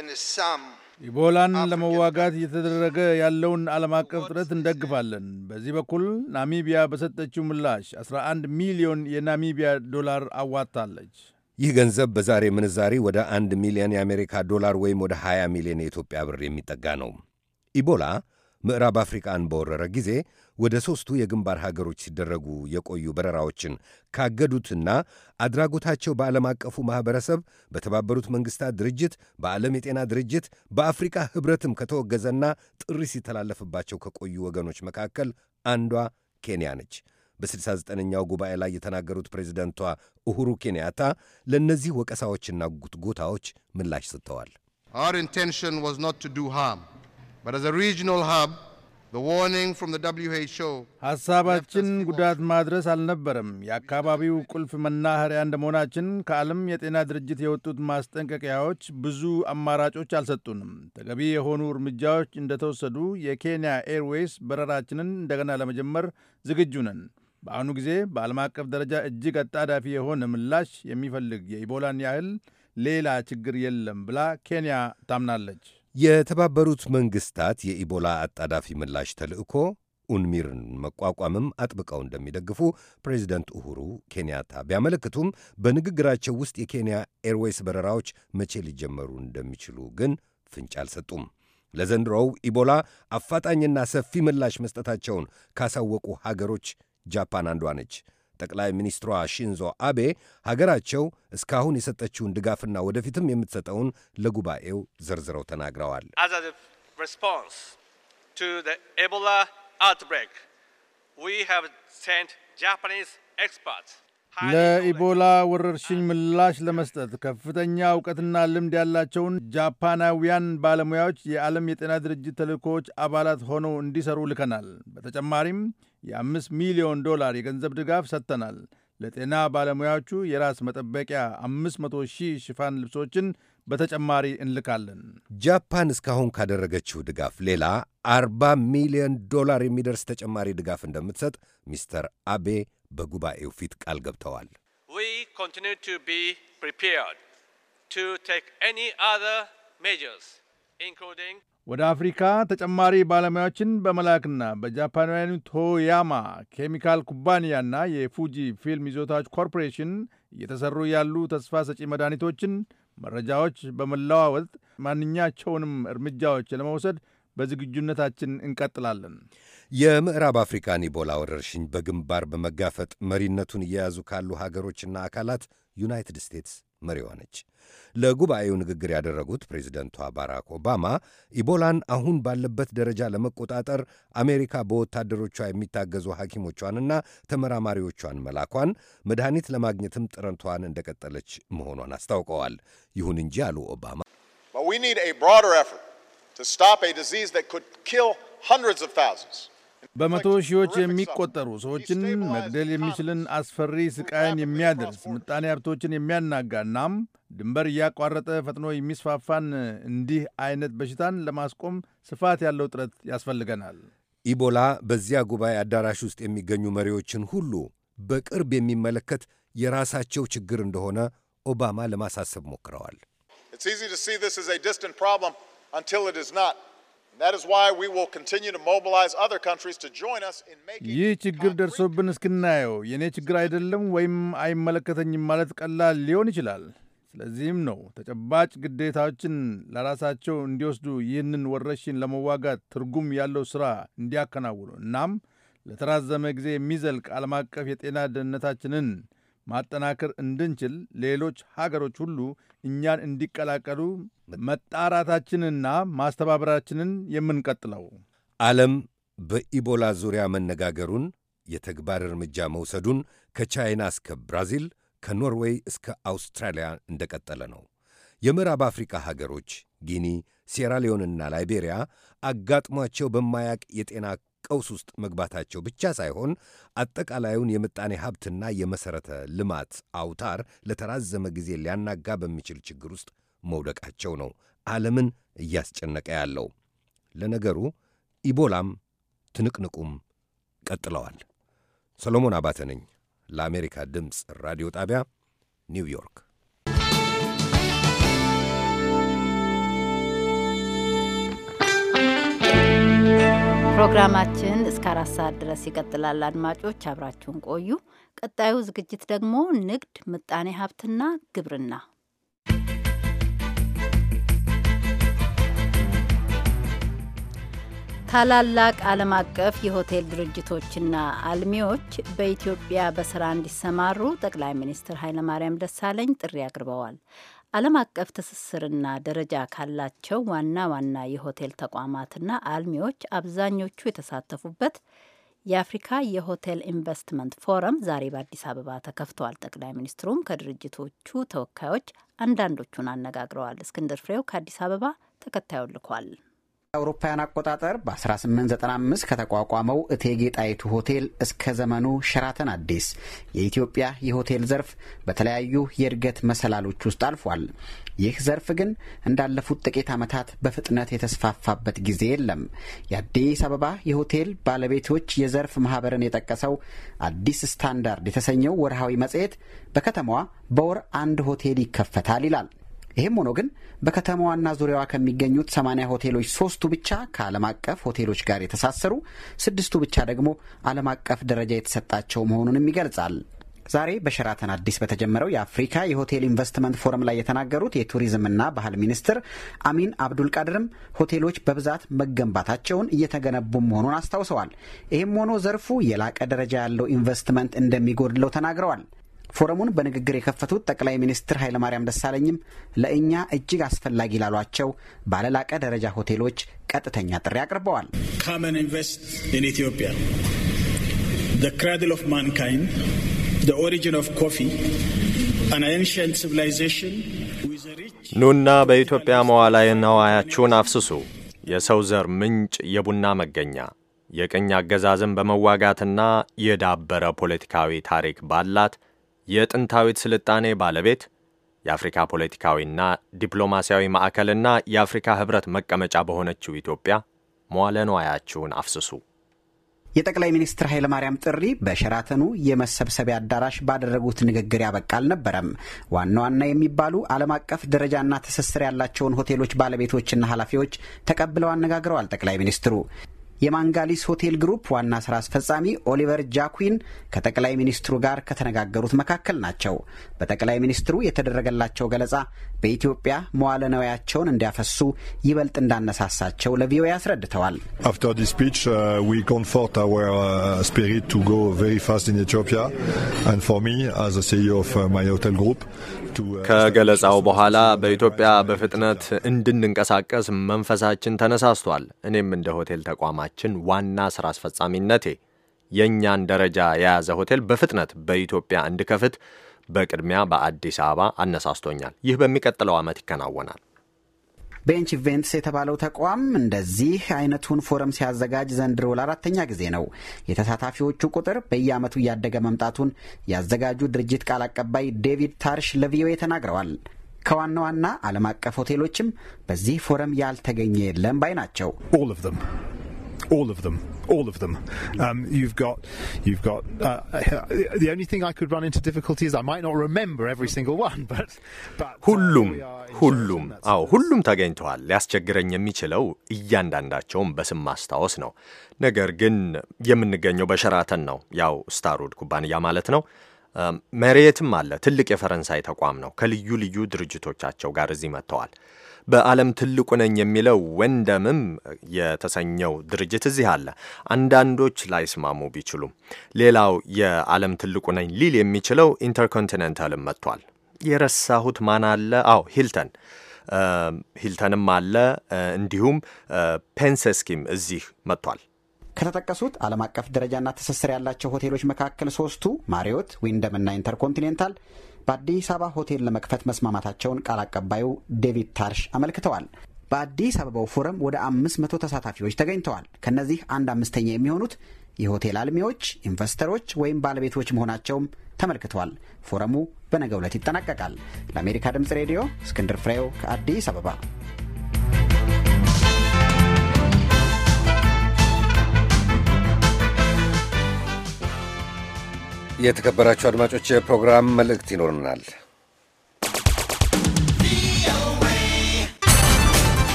ኢን ሳም ኢቦላን ለመዋጋት እየተደረገ ያለውን ዓለም አቀፍ ጥረት እንደግፋለን። በዚህ በኩል ናሚቢያ በሰጠችው ምላሽ 11 ሚሊዮን የናሚቢያ ዶላር አዋጥታለች። ይህ ገንዘብ በዛሬ ምንዛሪ ወደ 1 ሚሊዮን የአሜሪካ ዶላር ወይም ወደ 20 ሚሊዮን የኢትዮጵያ ብር የሚጠጋ ነው። ኢቦላ ምዕራብ አፍሪካን በወረረ ጊዜ ወደ ሦስቱ የግንባር ሀገሮች ሲደረጉ የቆዩ በረራዎችን ካገዱትና አድራጎታቸው በዓለም አቀፉ ማኅበረሰብ፣ በተባበሩት መንግሥታት ድርጅት፣ በዓለም የጤና ድርጅት፣ በአፍሪካ ኅብረትም ከተወገዘና ጥሪ ሲተላለፍባቸው ከቆዩ ወገኖች መካከል አንዷ ኬንያ ነች። በ69ኛው ጉባኤ ላይ የተናገሩት ፕሬዚደንቷ ኡሁሩ ኬንያታ ለእነዚህ ወቀሳዎችና ጉትጎታዎች ምላሽ ሰጥተዋል። Our intention was not to do harm, but as a regional hub, ሐሳባችን ጉዳት ማድረስ አልነበረም። የአካባቢው ቁልፍ መናኸሪያ እንደመሆናችን ከዓለም የጤና ድርጅት የወጡት ማስጠንቀቂያዎች ብዙ አማራጮች አልሰጡንም። ተገቢ የሆኑ እርምጃዎች እንደተወሰዱ የኬንያ ኤርዌይስ በረራችንን እንደገና ለመጀመር ዝግጁ ነን። በአሁኑ ጊዜ በዓለም አቀፍ ደረጃ እጅግ አጣዳፊ የሆነ ምላሽ የሚፈልግ የኢቦላን ያህል ሌላ ችግር የለም ብላ ኬንያ ታምናለች። የተባበሩት መንግስታት የኢቦላ አጣዳፊ ምላሽ ተልዕኮ ኡንሚርን መቋቋምም አጥብቀው እንደሚደግፉ ፕሬዚደንት ኡሁሩ ኬንያታ ቢያመለክቱም በንግግራቸው ውስጥ የኬንያ ኤርዌይስ በረራዎች መቼ ሊጀመሩ እንደሚችሉ ግን ፍንጭ አልሰጡም። ለዘንድሮው ኢቦላ አፋጣኝና ሰፊ ምላሽ መስጠታቸውን ካሳወቁ ሀገሮች ጃፓን አንዷ ነች። ጠቅላይ ሚኒስትሯ ሺንዞ አቤ ሀገራቸው እስካሁን የሰጠችውን ድጋፍና ወደፊትም የምትሰጠውን ለጉባኤው ዘርዝረው ተናግረዋል። ለኢቦላ ወረርሽኝ ምላሽ ለመስጠት ከፍተኛ እውቀትና ልምድ ያላቸውን ጃፓናውያን ባለሙያዎች የዓለም የጤና ድርጅት ተልእኮዎች አባላት ሆነው እንዲሰሩ ልከናል። በተጨማሪም የአምስት ሚሊዮን ዶላር የገንዘብ ድጋፍ ሰጥተናል። ለጤና ባለሙያዎቹ የራስ መጠበቂያ 500 ሺህ ሽፋን ልብሶችን በተጨማሪ እንልካለን። ጃፓን እስካሁን ካደረገችው ድጋፍ ሌላ 40 ሚሊዮን ዶላር የሚደርስ ተጨማሪ ድጋፍ እንደምትሰጥ ሚስተር አቤ በጉባኤው ፊት ቃል ገብተዋል። ወደ አፍሪካ ተጨማሪ ባለሙያዎችን በመላክና በጃፓናውያኑ ቶያማ ኬሚካል ኩባንያና የፉጂ ፊልም ይዞታዎች ኮርፖሬሽን እየተሰሩ ያሉ ተስፋ ሰጪ መድኃኒቶችን መረጃዎች በመለዋወጥ ማንኛቸውንም እርምጃዎች ለመውሰድ በዝግጁነታችን እንቀጥላለን። የምዕራብ አፍሪካን ኢቦላ ወረርሽኝ በግንባር በመጋፈጥ መሪነቱን እየያዙ ካሉ ሀገሮችና አካላት ዩናይትድ ስቴትስ መሪዋ ነች። ለጉባኤው ንግግር ያደረጉት ፕሬዚደንቷ ባራክ ኦባማ ኢቦላን አሁን ባለበት ደረጃ ለመቆጣጠር አሜሪካ በወታደሮቿ የሚታገዙ ሐኪሞቿንና ተመራማሪዎቿን መላኳን፣ መድኃኒት ለማግኘትም ጥረቷን እንደቀጠለች መሆኗን አስታውቀዋል። ይሁን እንጂ አሉ ኦባማ But we need በመቶ ሺዎች የሚቆጠሩ ሰዎችን መግደል የሚችልን አስፈሪ ስቃይን የሚያደርስ ምጣኔ ሀብቶችን የሚያናጋ እናም ድንበር እያቋረጠ ፈጥኖ የሚስፋፋን እንዲህ አይነት በሽታን ለማስቆም ስፋት ያለው ጥረት ያስፈልገናል። ኢቦላ በዚያ ጉባኤ አዳራሽ ውስጥ የሚገኙ መሪዎችን ሁሉ በቅርብ የሚመለከት የራሳቸው ችግር እንደሆነ ኦባማ ለማሳሰብ ሞክረዋል። ይህ ችግር ደርሶብን እስክናየው የእኔ ችግር አይደለም ወይም አይመለከተኝም ማለት ቀላል ሊሆን ይችላል። ስለዚህም ነው ተጨባጭ ግዴታዎችን ለራሳቸው እንዲወስዱ ይህንን ወረርሽኝ ለመዋጋት ትርጉም ያለው ሥራ እንዲያከናውኑ እናም ለተራዘመ ጊዜ የሚዘልቅ ዓለም አቀፍ የጤና ደህንነታችንን ማጠናከር እንድንችል ሌሎች ሀገሮች ሁሉ እኛን እንዲቀላቀሉ መጣራታችንና ማስተባበራችንን የምንቀጥለው። ዓለም በኢቦላ ዙሪያ መነጋገሩን የተግባር እርምጃ መውሰዱን ከቻይና እስከ ብራዚል ከኖርዌይ እስከ አውስትራሊያ እንደቀጠለ ነው። የምዕራብ አፍሪካ ሀገሮች ጊኒ፣ ሴራሊዮንና ላይቤሪያ አጋጥሟቸው በማያቅ የጤና ቀውስ ውስጥ መግባታቸው ብቻ ሳይሆን አጠቃላዩን የምጣኔ ሀብትና የመሠረተ ልማት አውታር ለተራዘመ ጊዜ ሊያናጋ በሚችል ችግር ውስጥ መውደቃቸው ነው ዓለምን እያስጨነቀ ያለው። ለነገሩ ኢቦላም ትንቅንቁም ቀጥለዋል። ሰሎሞን አባተ ነኝ ለአሜሪካ ድምፅ ራዲዮ ጣቢያ ኒውዮርክ። ፕሮግራማችን እስከ አራት ሰዓት ድረስ ይቀጥላል። አድማጮች አብራችሁን ቆዩ። ቀጣዩ ዝግጅት ደግሞ ንግድ፣ ምጣኔ ሀብትና ግብርና ታላላቅ ዓለም አቀፍ የሆቴል ድርጅቶችና አልሚዎች በኢትዮጵያ በስራ እንዲሰማሩ ጠቅላይ ሚኒስትር ኃይለማርያም ደሳለኝ ጥሪ አቅርበዋል። ዓለም አቀፍ ትስስርና ደረጃ ካላቸው ዋና ዋና የሆቴል ተቋማትና አልሚዎች አብዛኞቹ የተሳተፉበት የአፍሪካ የሆቴል ኢንቨስትመንት ፎረም ዛሬ በአዲስ አበባ ተከፍተዋል። ጠቅላይ ሚኒስትሩም ከድርጅቶቹ ተወካዮች አንዳንዶቹን አነጋግረዋል። እስክንድር ፍሬው ከአዲስ አበባ ተከታዩን ልኳል። አውሮፓውያን አቆጣጠር በ1895 ከተቋቋመው እቴጌ ጣይቱ ሆቴል እስከ ዘመኑ ሸራተን አዲስ የኢትዮጵያ የሆቴል ዘርፍ በተለያዩ የእድገት መሰላሎች ውስጥ አልፏል። ይህ ዘርፍ ግን እንዳለፉት ጥቂት ዓመታት በፍጥነት የተስፋፋበት ጊዜ የለም። የአዲስ አበባ የሆቴል ባለቤቶች የዘርፍ ማህበርን የጠቀሰው አዲስ ስታንዳርድ የተሰኘው ወርሃዊ መጽሔት በከተማዋ በወር አንድ ሆቴል ይከፈታል ይላል። ይህም ሆኖ ግን በከተማዋና ዙሪያዋ ከሚገኙት ሰማንያ ሆቴሎች ሶስቱ ብቻ ከዓለም አቀፍ ሆቴሎች ጋር የተሳሰሩ፣ ስድስቱ ብቻ ደግሞ ዓለም አቀፍ ደረጃ የተሰጣቸው መሆኑንም ይገልጻል። ዛሬ በሸራተን አዲስ በተጀመረው የአፍሪካ የሆቴል ኢንቨስትመንት ፎረም ላይ የተናገሩት የቱሪዝምና ባህል ሚኒስትር አሚን አብዱልቃድርም ሆቴሎች በብዛት መገንባታቸውን እየተገነቡ መሆኑን አስታውሰዋል። ይህም ሆኖ ዘርፉ የላቀ ደረጃ ያለው ኢንቨስትመንት እንደሚጎድለው ተናግረዋል። ፎረሙን በንግግር የከፈቱት ጠቅላይ ሚኒስትር ኃይለማርያም ደሳለኝም ለእኛ እጅግ አስፈላጊ ላሏቸው ባለላቀ ደረጃ ሆቴሎች ቀጥተኛ ጥሪ አቅርበዋል። ካመን ኢንቨስት ኢን ኢትዮጵያ ዘ ክራድል ኦፍ ማንካይንድ ዘ ኦሪጂን ኦፍ ኮፊ አን ሲቪላይዜሽን ኑና በኢትዮጵያ መዋላ ንዋያችሁን አፍስሱ። የሰው ዘር ምንጭ፣ የቡና መገኛ፣ የቅኝ አገዛዝን በመዋጋትና የዳበረ ፖለቲካዊ ታሪክ ባላት የጥንታዊት ስልጣኔ ባለቤት የአፍሪካ ፖለቲካዊና ዲፕሎማሲያዊ ማዕከልና የአፍሪካ ህብረት መቀመጫ በሆነችው ኢትዮጵያ መዋለ ንዋያችሁን አፍስሱ። የጠቅላይ ሚኒስትር ኃይለማርያም ጥሪ በሸራተኑ የመሰብሰቢያ አዳራሽ ባደረጉት ንግግር ያበቃ አልነበረም። ዋና ዋና የሚባሉ ዓለም አቀፍ ደረጃና ትስስር ያላቸውን ሆቴሎች ባለቤቶችና ኃላፊዎች ተቀብለው አነጋግረዋል። ጠቅላይ ሚኒስትሩ የማንጋሊስ ሆቴል ግሩፕ ዋና ስራ አስፈጻሚ ኦሊቨር ጃኩዊን ከጠቅላይ ሚኒስትሩ ጋር ከተነጋገሩት መካከል ናቸው። በጠቅላይ ሚኒስትሩ የተደረገላቸው ገለጻ በኢትዮጵያ መዋለ እንዲያፈሱ ይበልጥ እንዳነሳሳቸው ለቪኦኤ አስረድተዋል። ከገለጻው በኋላ በኢትዮጵያ በፍጥነት እንድንንቀሳቀስ መንፈሳችን ተነሳስቷል። እኔም እንደ ሆቴል ተቋማችን ዋና ሥራ አስፈጻሚነቴ የእኛን ደረጃ የያዘ ሆቴል በፍጥነት በኢትዮጵያ እንድከፍት በቅድሚያ በአዲስ አበባ አነሳስቶኛል። ይህ በሚቀጥለው ዓመት ይከናወናል። ቤንች ኢቬንትስ የተባለው ተቋም እንደዚህ አይነቱን ፎረም ሲያዘጋጅ ዘንድሮ ለአራተኛ ጊዜ ነው። የተሳታፊዎቹ ቁጥር በየዓመቱ እያደገ መምጣቱን ያዘጋጁ ድርጅት ቃል አቀባይ ዴቪድ ታርሽ ለቪኦኤ ተናግረዋል። ከዋና ዋና ዓለም አቀፍ ሆቴሎችም በዚህ ፎረም ያልተገኘ የለም ባይ ናቸው። all of them, all of them. Um, you've got, you've got. Uh, uh, the only thing I could run into difficulty is I might not remember every single one, [laughs] but but uh, ሁሉም ሁሉም አዎ ሁሉም ተገኝተዋል። ሊያስቸግረኝ የሚችለው እያንዳንዳቸውን በስም ማስታወስ ነው። ነገር ግን የምንገኘው በሸራተን ነው፣ ያው ስታርውድ ኩባንያ ማለት ነው። መሬትም አለ። ትልቅ የፈረንሳይ ተቋም ነው። ከልዩ ልዩ ድርጅቶቻቸው ጋር እዚህ መጥተዋል። በዓለም ትልቁ ነኝ የሚለው ወንደምም የተሰኘው ድርጅት እዚህ አለ። አንዳንዶች ላይስማሙ ቢችሉም ሌላው የዓለም ትልቁ ነኝ ሊል የሚችለው ኢንተርኮንቲኔንታልም መጥቷል። የረሳሁት ማን አለ? አዎ ሂልተን ሂልተንም አለ። እንዲሁም ፔንሰስኪም እዚህ መጥቷል። ከተጠቀሱት ዓለም አቀፍ ደረጃና ትስስር ያላቸው ሆቴሎች መካከል ሶስቱ ማሪዮት፣ ዊንደምና ኢንተርኮንቲኔንታል በአዲስ አበባ ሆቴል ለመክፈት መስማማታቸውን ቃል አቀባዩ ዴቪድ ታርሽ አመልክተዋል። በአዲስ አበባው ፎረም ወደ አምስት መቶ ተሳታፊዎች ተገኝተዋል። ከእነዚህ አንድ አምስተኛ የሚሆኑት የሆቴል አልሚዎች፣ ኢንቨስተሮች ወይም ባለቤቶች መሆናቸውም ተመልክተዋል። ፎረሙ በነገው ዕለት ይጠናቀቃል። ለአሜሪካ ድምፅ ሬዲዮ እስክንድር ፍሬው ከአዲስ አበባ የተከበራችሁ አድማጮች የፕሮግራም መልእክት ይኖርናል።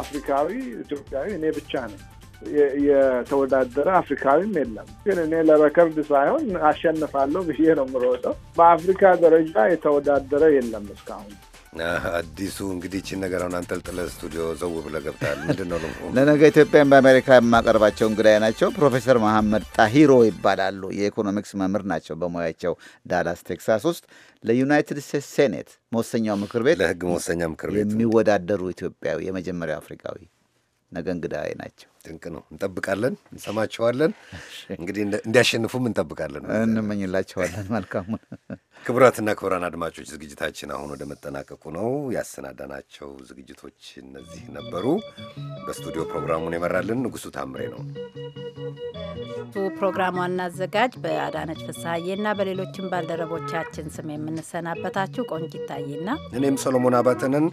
አፍሪካዊ ኢትዮጵያዊ እኔ ብቻ ነኝ። የተወዳደረ አፍሪካዊም የለም። ግን እኔ ለረከርድ ሳይሆን አሸንፋለሁ ብዬ ነው የምሮጠው። በአፍሪካ ደረጃ የተወዳደረ የለም እስካሁን አዲሱ እንግዲህ ችን ነገር አሁን አንጠልጥለ ስቱዲዮ ዘው ብለ ገብታል። ምንድን ነው [laughs] ለነገ ኢትዮጵያን በአሜሪካ የማቀርባቸው እንግዳይ ናቸው። ፕሮፌሰር መሐመድ ጣሂሮ ይባላሉ። የኢኮኖሚክስ መምህር ናቸው በሙያቸው ዳላስ ቴክሳስ ውስጥ ለዩናይትድ ስቴትስ ሴኔት መወሰኛው ምክር ቤት ለህግ መወሰኛ ምክር ቤት የሚወዳደሩ ኢትዮጵያዊ የመጀመሪያው አፍሪካዊ ነገ እንግዳይ ናቸው። ድንቅ ነው። እንጠብቃለን፣ እንሰማቸዋለን። እንግዲህ እንዲያሸንፉም እንጠብቃለን፣ እንመኝላቸዋለን መልካሙን። ክቡራትና ክቡራን አድማጮች ዝግጅታችን አሁን ወደ መጠናቀቁ ነው። ያሰናዳናቸው ዝግጅቶች እነዚህ ነበሩ። በስቱዲዮ ፕሮግራሙን የመራልን ንጉሱ ታምሬ ነው። ፕሮግራም ዋና አዘጋጅ በአዳነች ፍስሐዬና በሌሎችም ባልደረቦቻችን ስም የምንሰናበታችሁ ቆንጅ ይታይና እኔም ሰሎሞን አባተንን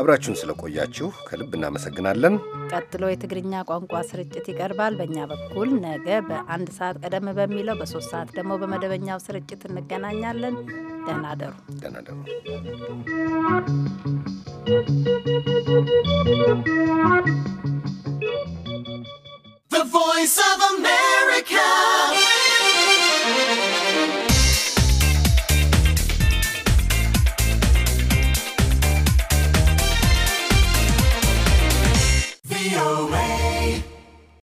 አብራችሁን ስለቆያችሁ ከልብ እናመሰግናለን። ቀጥሎ የትግርኛ ቋንቋ ስርጭት ይቀርባል። በእኛ በኩል ነገ በአንድ ሰዓት ቀደም በሚለው በሶስት ሰዓት ደግሞ በመደበኛው ስርጭት እንገናኛለን። ደህና ደሩ ደህና ደሩ። The Voice of America